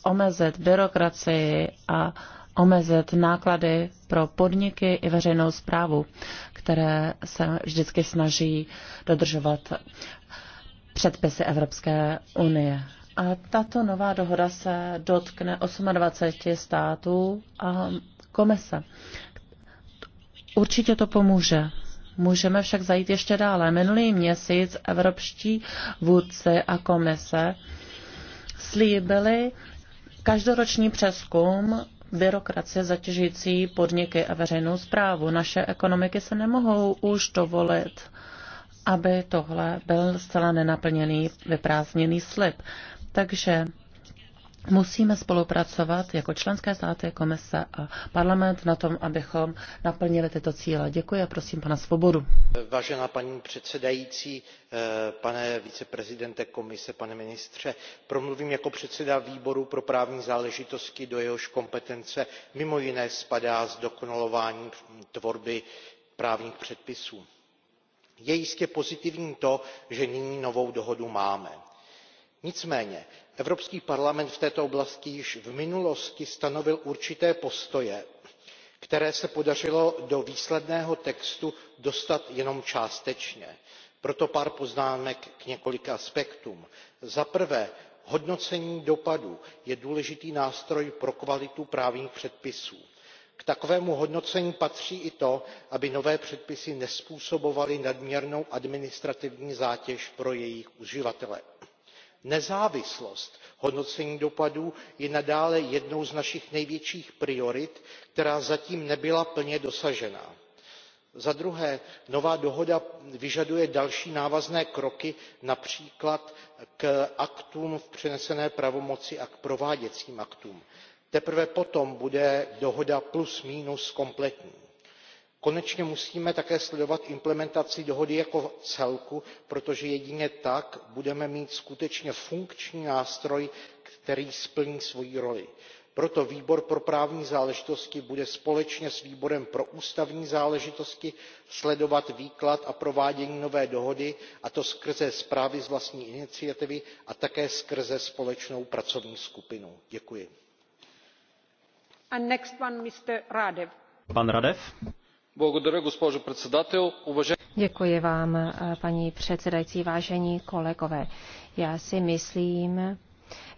omezit byrokracii a omezit náklady pro podniky i veřejnou zprávu, které se vždycky snaží dodržovat předpisy Evropské unie. A tato nová dohoda se dotkne 28 států a komise. Určitě to pomůže. Můžeme však zajít ještě dále. Minulý měsíc evropští vůdci a komise slíbili každoroční přeskum byrokracie zatěžující podniky a veřejnou zprávu. Naše ekonomiky se nemohou už dovolit, aby tohle byl zcela nenaplněný, vyprázdněný slib. Takže musíme spolupracovat jako členské státy, komise a parlament na tom, abychom naplnili tyto cíle. Děkuji a prosím pana Svobodu. Vážená paní předsedající, eh, pane viceprezidente komise, pane ministře, promluvím jako předseda výboru pro právní záležitosti, do jehož kompetence mimo jiné spadá zdokonalování tvorby právních předpisů. Je jistě pozitivní to, že nyní novou dohodu máme nicméně evropský parlament v této oblasti již v minulosti stanovil určité postoje které se podařilo do výsledného textu dostat jenom částečně. proto pár poznámek k několika aspektům. za prvé hodnocení dopadů je důležitý nástroj pro kvalitu právních předpisů. k takovému hodnocení patří i to aby nové předpisy nezpůsobovaly nadměrnou administrativní zátěž pro jejich uživatele nezávislost hodnocení dopadů je nadále jednou z našich největších priorit která zatím nebyla plně dosažena. za druhé nová dohoda vyžaduje další návazné kroky například k aktům v přenesené pravomoci a k prováděcím aktům. teprve potom bude dohoda plus minus kompletní konečně musíme také sledovat implementaci dohody jako celku protože jedině tak budeme mít skutečně funkční nástroj který splní svoji roli. proto výbor pro právní záležitosti bude společně s výborem pro ústavní záležitosti sledovat výklad a provádění nové dohody a to skrze zprávy z vlastní iniciativy a také skrze společnou pracovní skupinu. děkuji. Pan Radev. Děkuji vám, paní předsedající, vážení kolegové. Já si myslím,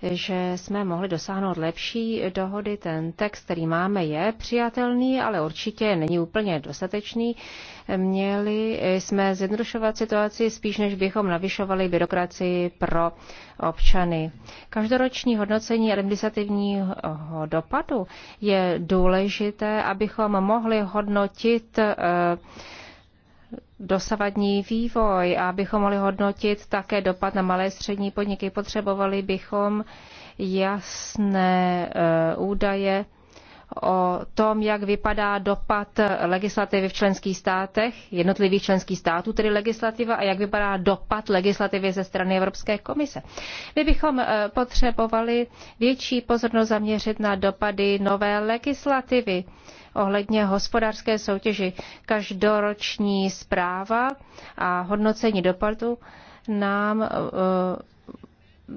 že jsme mohli dosáhnout lepší dohody. Ten text, který máme, je přijatelný, ale určitě není úplně dostatečný. Měli jsme zjednodušovat situaci spíš, než bychom navyšovali byrokracii pro občany. Každoroční hodnocení administrativního dopadu je důležité, abychom mohli hodnotit eh, dosavadní vývoj a abychom mohli hodnotit také dopad na malé střední podniky. Potřebovali bychom jasné eh, údaje o tom, jak vypadá dopad legislativy v členských státech, jednotlivých členských států, tedy legislativa, a jak vypadá dopad legislativy ze strany Evropské komise. My bychom eh, potřebovali větší pozornost zaměřit na dopady nové legislativy ohledně hospodářské soutěži. Každoroční zpráva a hodnocení dopadu nám eh,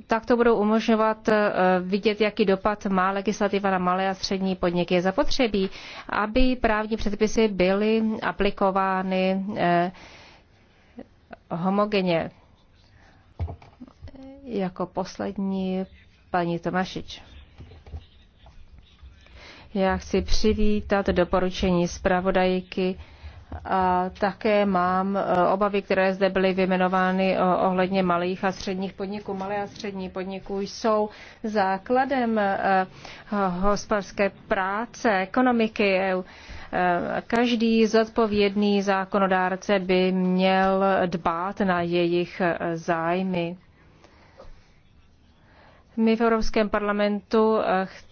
tak to budou umožňovat eh, vidět, jaký dopad má legislativa na malé a střední podniky. Je zapotřebí, aby právní předpisy byly aplikovány eh, homogeně. Jako poslední paní Tomašič. Já chci přivítat doporučení zpravodajky a také mám e, obavy, které zde byly vyjmenovány e, ohledně malých a středních podniků. Malé a střední podniků jsou základem e, hospodářské práce, ekonomiky EU. Každý zodpovědný zákonodárce by měl dbát na jejich zájmy. My v Evropském parlamentu chceme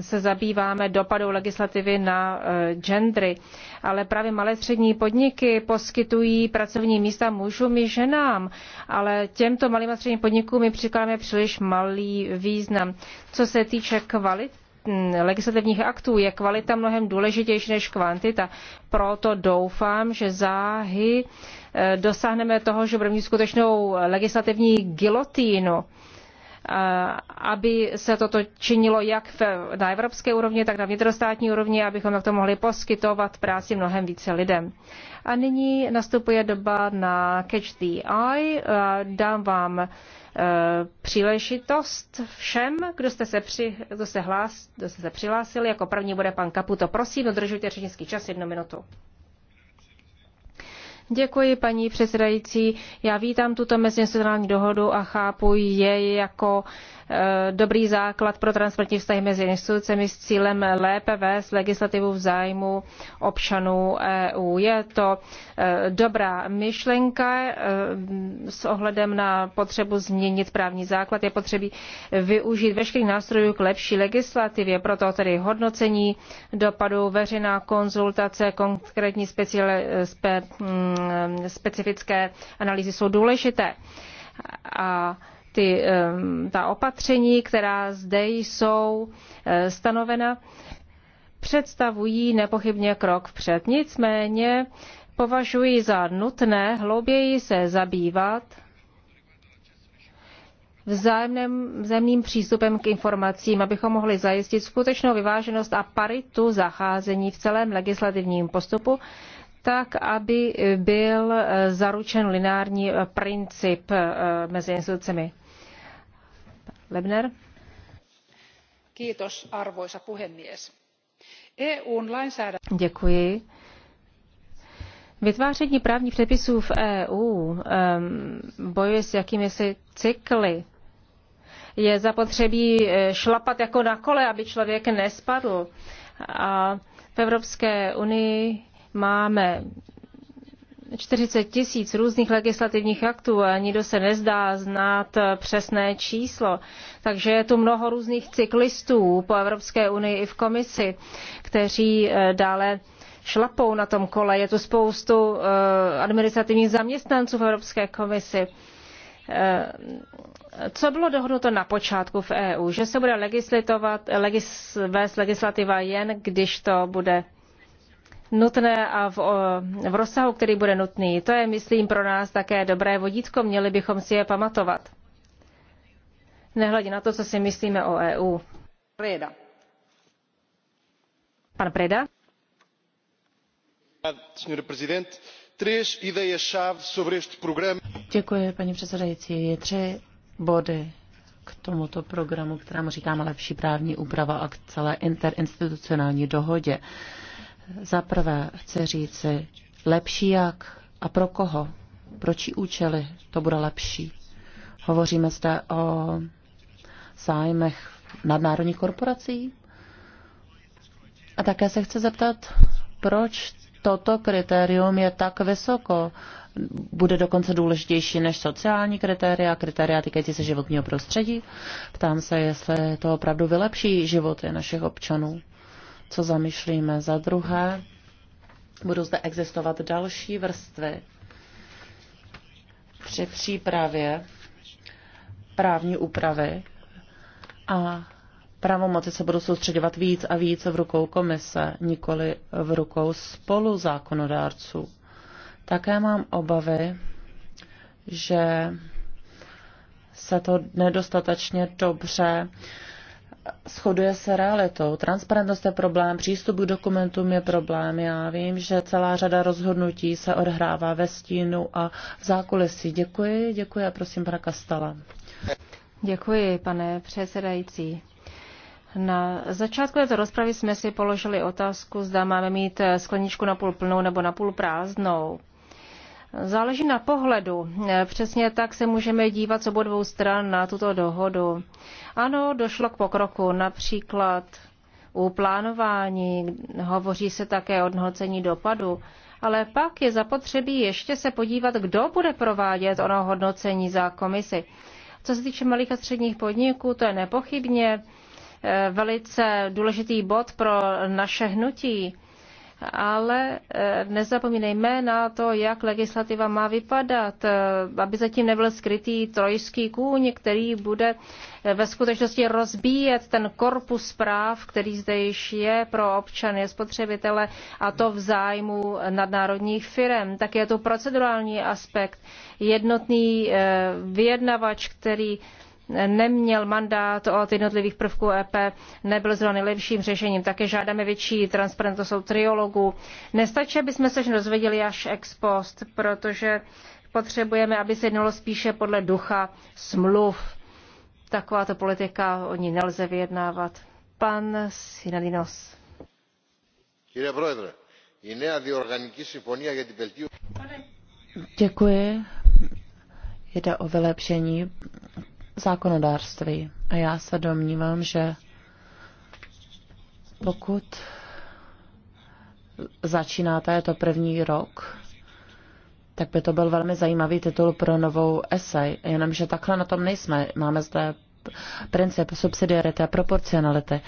se zabýváme dopadou legislativy na eh, gendry, ale právě malé střední podniky poskytují pracovní místa mužům i ženám, ale těmto malým a středním podnikům my přikládáme příliš malý význam. Co se týče kvalit, mm, legislativních aktů je kvalita mnohem důležitější než kvantita. Proto doufám, že záhy eh, dosáhneme toho, že budeme mít skutečnou legislativní gilotínu aby se toto činilo jak na evropské úrovni, tak na vnitrostátní úrovni, abychom takto mohli poskytovat práci mnohem více lidem. A nyní nastupuje doba na Catch the Eye. Dám vám e, příležitost všem, kdo jste se, při, kdo se, hlás, kdo jste se přihlásili. Jako první bude pan Kaputo. Prosím, dodržujte řečnický čas jednu minutu. Děkuji, paní předsedající. Já vítám tuto mezinárodní dohodu a chápu je jako uh, Eh, dobrý základ pro transparentní vztahy mezi institucemi s cílem lépe vést legislativu v zájmu občanů EU. Je to eh, dobrá myšlenka eh, s ohledem na potřebu změnit právní základ. Je potřebí využít veškerých nástrojů k lepší legislativě, proto tedy hodnocení dopadu, veřejná konzultace, konkrétní speciale, spe, mm, specifické analýzy jsou důležité. A ty, ta opatření, která zde jsou eh, stanovena, představují nepochybně krok vpřed. Nicméně považuji za nutné hlouběji se zabývat vzájemným, zemným přístupem k informacím, abychom mohli zajistit skutečnou vyváženost a paritu zacházení v celém legislativním postupu, tak, aby byl eh, zaručen lineární eh, princip mezi institucemi arvoisa puhemies. EUn lainsäädäntö... Děkuji. Vytváření právních předpisů v EU um, bojuje s jakými cykly. Je zapotřebí eh, šlapat jako na kole, aby člověk nespadl. A v Evropské unii máme 40 tisíc různých legislativních aktů a nikdo se nezdá znát přesné číslo. Takže je tu mnoho různých cyklistů po Evropské unii i v komisi, kteří eh, dále šlapou na tom kole. Je tu spoustu eh, administrativních zaměstnanců v Evropské komisi. Eh, co bylo dohodnuto na počátku v EU? Že se bude legislitovat, legis, vést legislativa jen, když to bude nutné a v, v rozsahu, který bude nutný. To je, myslím, pro nás také dobré vodítko, měli bychom si je pamatovat. Nehledě na to, co si myslíme o EU. Preda. Pan Preda. Děkuji, paní předsedající. Tři body k tomuto programu, kterému říkáme lepší právní úprava a k celé interinstitucionální dohodě. Uh, za prvé chci říci, lepší jak a pro koho, pro čí účely to bude lepší. Hovoříme zde o zájmech nadnárodních korporací. A také se chci zeptat, proč toto kritérium je tak vysoko. Bude dokonce důležitější než sociální kritéria, kritéria týkající se životního prostředí. Ptám se, jestli to opravdu vylepší životy našich občanů co zamýšlíme. Za druhé, budou zde existovat další vrstvy při přípravě právní úpravy a pravomoci se budou soustředovat víc a víc v rukou komise, nikoli v rukou spolu zákonodárců. Také mám obavy, že se to nedostatečně dobře uh, shoduje se realitou. Transparentnost je problém, přístup k dokumentům je problém. Já vím, že celá řada rozhodnutí se odhrává ve stínu a v zákulisí. Děkuji, děkuji a prosím pana Kastala. Děkuji, pane předsedající. Na začátku této rozpravy jsme si položili otázku, zda máme mít skleničku na půl plnou nebo na půl prázdnou. Záleží na pohledu. Přesně tak se můžeme dívat z obou dvou stran na tuto dohodu. Ano, došlo k pokroku, například u plánování, hovoří se také o odhodcení dopadu, ale pak je zapotřebí ještě se podívat, kdo bude provádět ono hodnocení za komisi. Co se týče malých a středních podniků, to je nepochybně eh, velice důležitý bod pro naše hnutí ale eh, nezapomínejme na to, jak legislativa má vypadat, eh, aby zatím nebyl skrytý trojský kůň, který bude eh, ve skutečnosti rozbíjet ten korpus práv, který zde již je pro občany, spotřebitele a to v zájmu nadnárodních firm. Tak je to procedurální aspekt, jednotný vyjednavač, který neměl mandát od jednotlivých prvků EP, nebyl zrovna nejlepším řešením. Také žádáme větší transparentnost jsou triologů. Nestačí, aby jsme se dozvěděli až ex post, protože potřebujeme, aby se jednalo spíše podle ducha smluv. Takováto politika, o ní nelze vyjednávat. Pan Sinadinos. Děkuji. Jde o vylepšení zákonodárství. A já se domnívám, že pokud začínáte, je to první rok, tak by to byl velmi zajímavý titul pro novou esej, jenomže takhle na tom nejsme. Máme zde princip subsidiarity a proporcionality.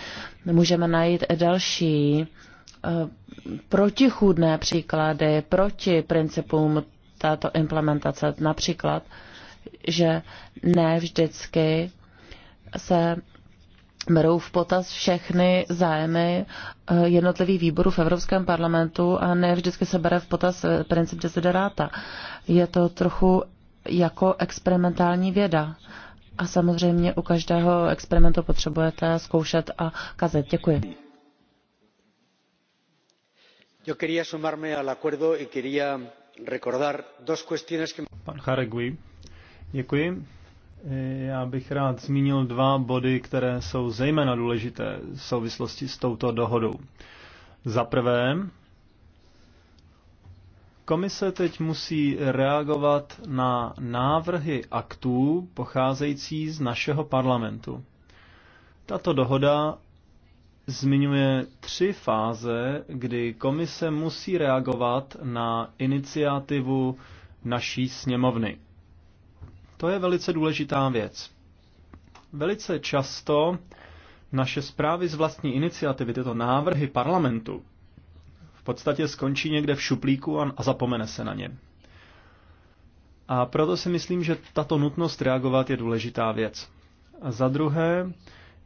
Můžeme najít další eh, protichůdné příklady proti principům této implementace. Například že ne vždycky se berou v potaz všechny zájmy eh, jednotlivých výborů v Evropském parlamentu a ne vždycky se bere v potaz eh, princip desideráta. Je to trochu jako experimentální věda. A samozřejmě u každého experimentu potřebujete zkoušet a kazet. Děkuji. Pan Haregui Děkuji. Já bych rád zmínil dva body, které jsou zejména důležité v souvislosti s touto dohodou. Za prvé, komise teď musí reagovat na návrhy aktů pocházející z našeho parlamentu. Tato dohoda zmiňuje tři fáze, kdy komise musí reagovat na iniciativu naší sněmovny. To je velice důležitá věc. Velice často naše zprávy z vlastní iniciativy, tyto návrhy parlamentu, v podstatě skončí někde v šuplíku a zapomene se na ně. A proto si myslím, že tato nutnost reagovat je důležitá věc. A za druhé,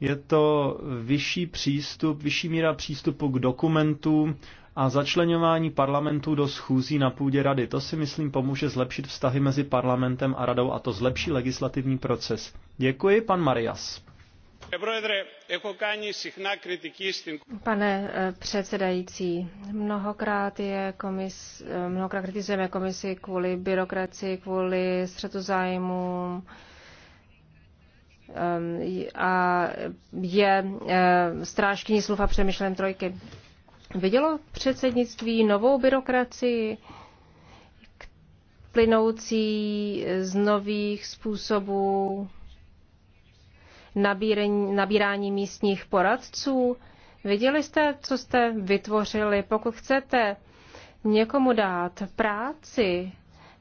je to vyšší přístup, vyšší míra přístupu k dokumentům a začlenování parlamentů do schůzí na půdě rady. To si myslím pomůže zlepšit vztahy mezi parlamentem a radou a to zlepší legislativní proces. Děkuji, pan Marias. Pane eh, předsedající, mnohokrát, je komis, eh, mnohokrát kritizujeme komisi kvůli byrokracii, kvůli střetu zájmů ehm, a je eh, strážkyní slov a přemýšlem trojky. Vidělo předsednictví novou byrokracii plynoucí z nových způsobů nabírání, nabírání místních poradců? Viděli jste, co jste vytvořili? Pokud chcete někomu dát práci,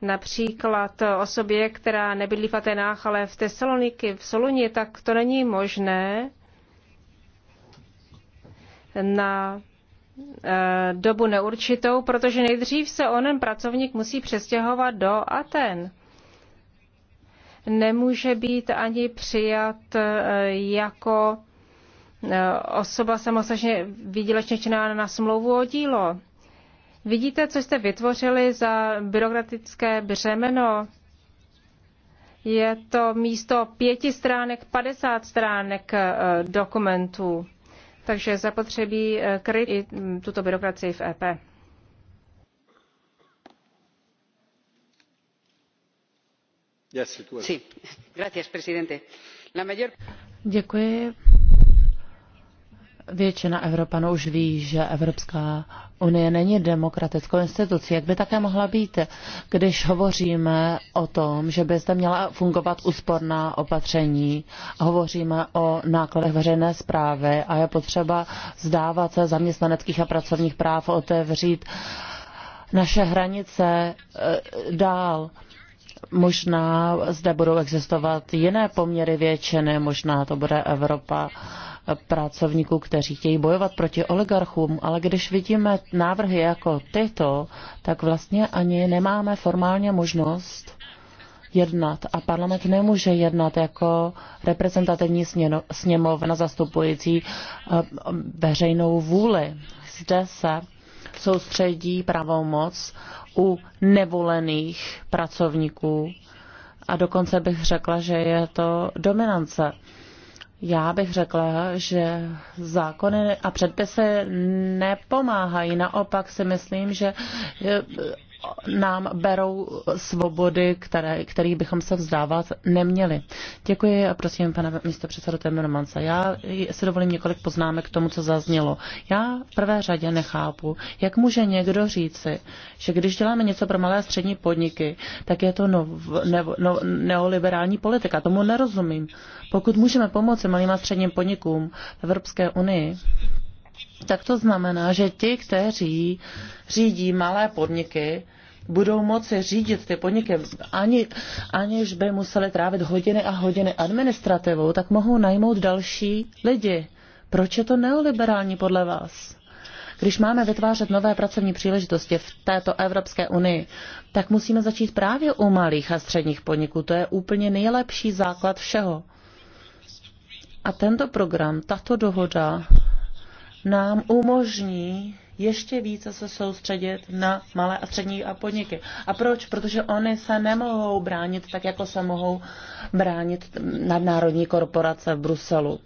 například osobě, která nebydlí v Atenách, ale v Tesaloniky, v Soluni, tak to není možné na Eh, dobu neurčitou, protože nejdřív se onen pracovník musí přestěhovat do Aten. Nemůže být ani přijat eh, jako eh, osoba samostatně výdělečně činná na smlouvu o dílo. Vidíte, co jste vytvořili za byrokratické břemeno? Je to místo pěti stránek, padesát stránek dokumentů. Takže zapotřebí eh, kryt i mm, tuto byrokracii v EP. Yes, Děkuji, Většina Evropanů už ví, že Evropská unie není demokratickou institucí. Jak by také mohla být, když hovoříme o tom, že by zde měla fungovat úsporná opatření, hovoříme o nákladech veřejné zprávy a je potřeba zdávat se zaměstnaneckých a pracovních práv, otevřít naše hranice eh, dál možná zde budou existovat jiné poměry většiny, možná to bude Evropa pracovníků, kteří chtějí bojovat proti oligarchům, ale když vidíme návrhy jako tyto, tak vlastně ani nemáme formálně možnost jednat a parlament nemůže jednat jako reprezentativní sněmovna zastupující eh, veřejnou vůli. Zde se soustředí pravomoc u nevolených pracovníků a dokonce bych řekla, že je to dominance. Já bych řekla, že zákony a předpisy nepomáhají. Naopak si myslím, že nám berou svobody, které, kterých bychom se vzdávat neměli. Děkuji a prosím pane místo předsedu Temmermansa. Já si dovolím několik poznámek k tomu, co zaznělo. Já v prvé řadě nechápu, jak může někdo říci, že když děláme něco pro malé a střední podniky, tak je to nov, ne, no, neoliberální politika. Tomu nerozumím. Pokud můžeme pomoci malým a středním podnikům v Evropské unii, tak to znamená, že ti, kteří řídí malé podniky, budou moci řídit ty podniky, ani, aniž by museli trávit hodiny a hodiny administrativou, tak mohou najmout další lidi. Proč je to neoliberální podle vás? Když máme vytvářet nové pracovní příležitosti v této Evropské unii, tak musíme začít právě u malých a středních podniků. To je úplně nejlepší základ všeho. A tento program, tato dohoda nám umožní ještě více se soustředit na malé a střední a podniky. A proč? Protože oni se nemohou bránit tak, jako se mohou bránit nadnárodní korporace v Bruselu.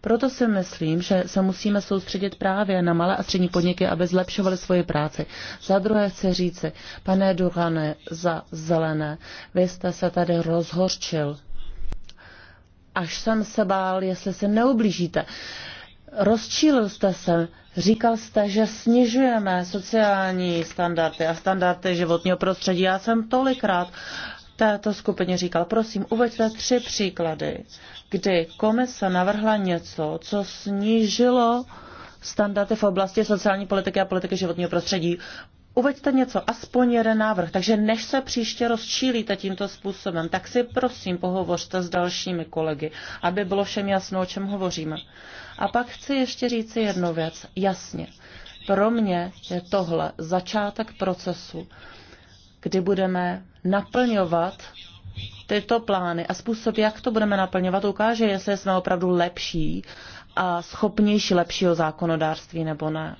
Proto si myslím, že se musíme soustředit právě na malé a střední podniky, aby zlepšovali svoji práci. Za druhé chci říci, pane Duhane, za zelené, vy jste se tady rozhorčil. Až jsem se bál, jestli se neublížíte. Rozčílil jste se, říkal jste, že snižujeme sociální standardy a standardy životního prostředí. Já jsem tolikrát této skupině říkal, prosím, uveďte tři příklady, kdy komise navrhla něco, co snížilo standardy v oblasti sociální politiky a politiky životního prostředí. Uveďte něco, aspoň jeden návrh. Takže než se příště rozčílíte tímto způsobem, tak si prosím pohovořte s dalšími kolegy, aby bylo všem jasno, o čem hovoříme. A pak chci ještě říci jednu věc. Jasně, pro mě je tohle začátek procesu, kdy budeme naplňovat tyto plány a způsob, jak to budeme naplňovat, ukáže, jestli jsme opravdu lepší a schopnější lepšího zákonodárství nebo ne.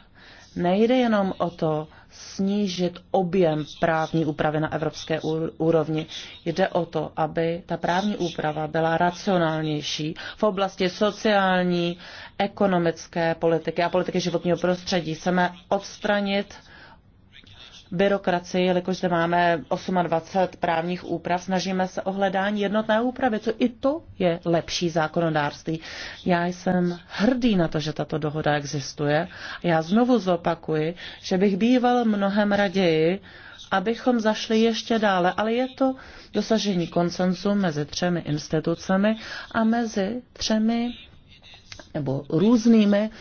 Nejde jenom o to snížit objem právní úpravy na evropské úrovni. Jde o to, aby ta právní úprava byla racionálnější v oblasti sociální, ekonomické politiky a politiky životního prostředí. Chceme odstranit byrokracii, jelikož zde máme 28 právních úprav, snažíme se o hledání jednotné úpravy, co i to je lepší zákonodárství. Já jsem hrdý na to, že tato dohoda existuje. Já znovu zopakuji, že bych býval mnohem raději, abychom zašli ještě dále, ale je to dosažení konsenzu mezi třemi institucemi a mezi třemi nebo různými uh,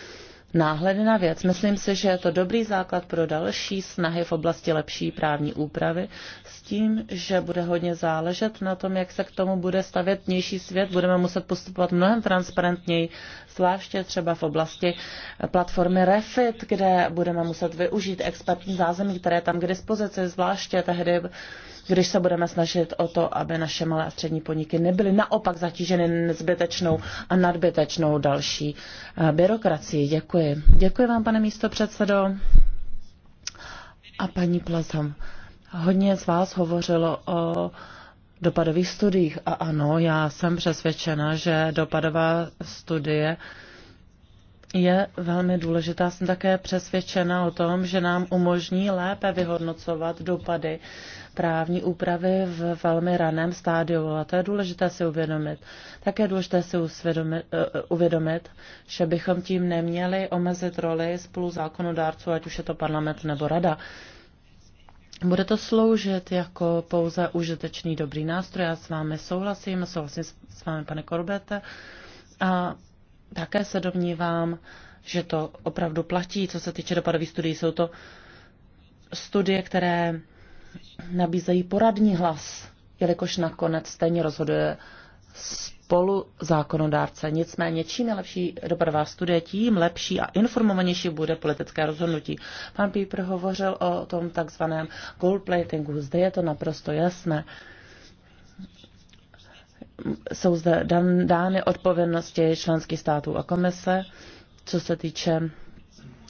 náhledy na věc. Myslím si, že je to dobrý základ pro další snahy v oblasti lepší právní úpravy s tím, že bude hodně záležet na tom, jak se k tomu bude stavět vnější svět. Budeme muset postupovat mnohem transparentněji, zvláště třeba v oblasti platformy Refit, kde budeme muset využít expertní zázemí, které je tam k dispozici, zvláště tehdy, když se budeme snažit o to, aby naše malé a střední podniky nebyly naopak zatíženy zbytečnou a nadbytečnou další eh, byrokracii. Děkuji. Děkuji vám, pane místo předsedo. A paní Plazam. Hodně z vás hovořilo o dopadových studiích a ano, já jsem přesvědčena, že dopadová studie je velmi důležitá. Jsem také přesvědčena o tom, že nám umožní lépe vyhodnocovat dopady právní úpravy v velmi raném stádiu. A to je důležité si uvědomit. Také je důležité si usvědomit, uh, eh, eh, uvědomit, že bychom tím neměli omezit roli spolu zákonodárců, ať už je to parlament nebo rada. Bude to sloužit jako pouze užitečný dobrý nástroj. Já s vámi souhlasím, souhlasím s vámi, pane Korbete. A také se domnívám, že to opravdu platí, co se týče dopadových studií. Jsou to studie, které nabízejí poradní hlas, jelikož nakonec stejně rozhoduje spolu zákonodárce. Nicméně čím je lepší dopadová studie, tím lepší a informovanější bude politické rozhodnutí. Pan Pieper hovořil o tom takzvaném gold platingu. Zde je to naprosto jasné jsou zde dan, dány odpovědnosti členských států a komise, co se týče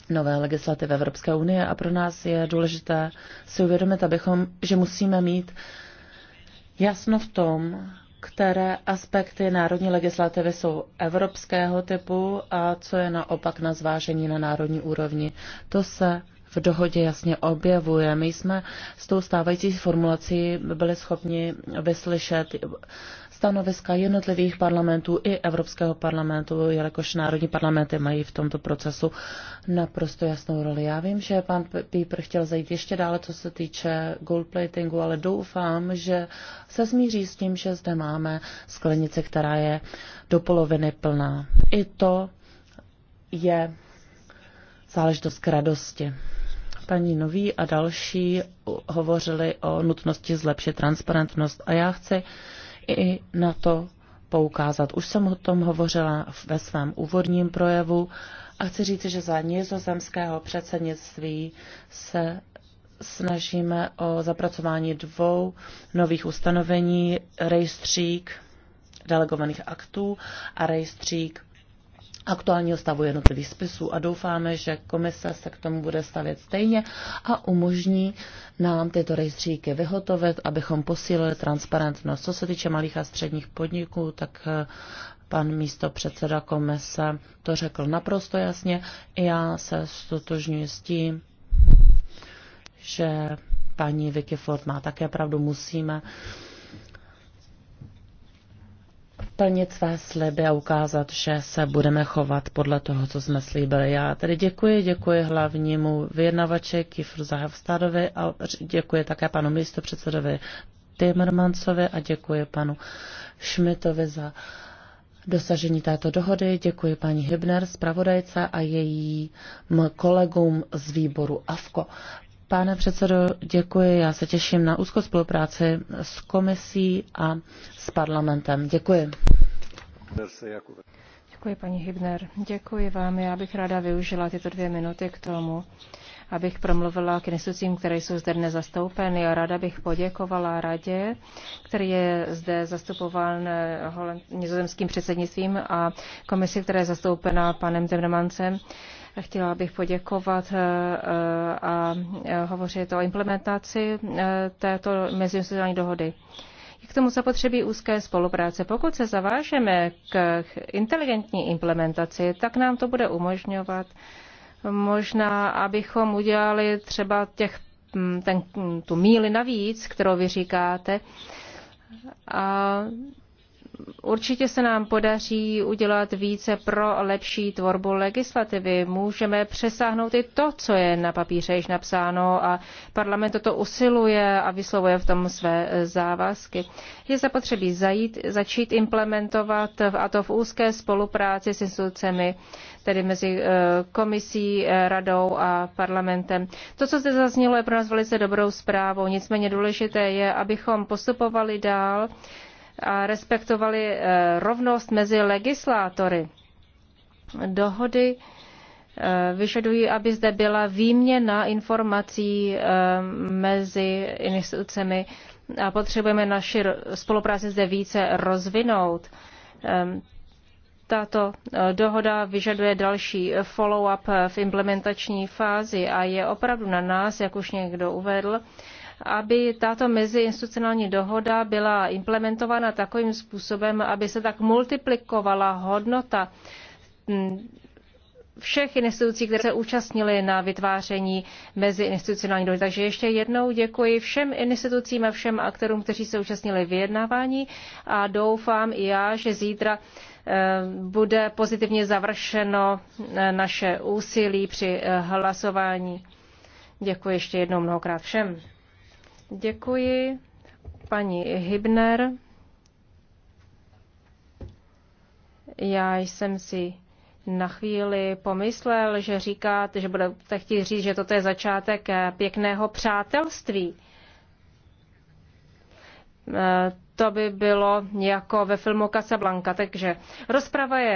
nové legislativy Evropské unie a pro nás je důležité si uvědomit, abychom, že musíme mít jasno v tom, které aspekty národní legislativy jsou evropského typu a co je naopak na zvážení na národní úrovni. To se v dohodě jasně objevuje. My jsme s tou stávající formulací byli schopni vyslyšet stanoviska jednotlivých parlamentů i Evropského parlamentu, jelikož národní parlamenty mají v tomto procesu naprosto jasnou roli. Já vím, že pan Pípr chtěl zajít ještě dále, co se týče goldplatingu, ale doufám, že se smíří s tím, že zde máme sklenici, která je do poloviny plná. I to je záležitost k radosti paní Nový a další hovořili o nutnosti zlepšit transparentnost. A já chci i na to poukázat. Už jsem o tom hovořila ve svém úvodním projevu a chci říct, že za nizozemského předsednictví se snažíme o zapracování dvou nových ustanovení, rejstřík delegovaných aktů a rejstřík aktuálního stavu jednotlivých spisů a doufáme, že komise se k tomu bude stavět stejně a umožní nám tyto rejstříky vyhotovit, abychom posílili transparentnost. Co se týče malých a středních podniků, tak eh, pan místo předseda komise to řekl naprosto jasně. Já se stotožňuji s tím, že paní Vicky Ford má také pravdu, musíme plnit své sliby a ukázat, že se budeme chovat podle toho, co jsme slíbili. Já tedy děkuji, děkuji hlavnímu vyjednavači Kifru Zahavstadovi a děkuji také panu místopředsedovi Timmermansovi a děkuji panu Šmitovi za dosažení této dohody. Děkuji paní Hybner, zpravodajce a jejím kolegům z výboru AFKO. Pane předsedo, děkuji. Já se těším na úzkou spolupráci s komisí a s parlamentem. Děkuji. Děkuji, paní Hybner. Děkuji vám. Já bych ráda využila tyto dvě minuty k tomu, abych promluvila k institucím, které jsou zde dnes zastoupeny. Ráda bych poděkovala radě, který je zde zastupován eh, nizozemským předsednictvím a komisi, která je zastoupena panem Temnemancem. Chtěla bych poděkovat eh, eh, a hovořit o implementaci této meziinstitucionální dohody. K tomu zapotřebí úzké spolupráce. Pokud se zavážeme k inteligentní implementaci, tak nám to bude umožňovat Možná, abychom udělali třeba těch, mm, ten, tu míli navíc, kterou vy říkáte. A určitě se nám podaří udělat více pro lepší tvorbu legislativy. Můžeme přesáhnout i to, co je na papíře již napsáno a parlament toto usiluje a vyslovuje v tom své e, závazky. Je zapotřebí zajít, začít implementovat a to v úzké spolupráci s institucemi tedy mezi eh, komisí, eh, radou a parlamentem. To, co zde zaznělo, je pro nás velice dobrou zprávou. Nicméně důležité je, abychom postupovali dál a respektovali eh, rovnost mezi legislátory. Dohody vyžadují, aby zde byla výměna informací mezi institucemi a potřebujeme naši spolupráci zde více rozvinout ehm, tato eh, dohoda vyžaduje další eh, follow-up eh, v implementační fázi a je opravdu na nás, jak už někdo uvedl, aby tato meziinstitucionální dohoda byla implementována takovým způsobem, aby se tak multiplikovala hodnota hm, všech institucí, které se účastnily na vytváření meziinstitucionální dohody. Takže ještě jednou děkuji všem institucím a všem aktorům, kteří se účastnili vyjednávání a doufám i já, že zítra eh, bude pozitivně završeno eh, naše úsilí při eh, hlasování. Děkuji ještě jednou mnohokrát všem. Děkuji paní Hybner. Já jsem si na chvíli pomyslel, že říkáte, že budete chtít říct, že toto je začátek eh, pěkného přátelství. Eh, to by bylo jako ve filmu Casablanca, takže rozprava je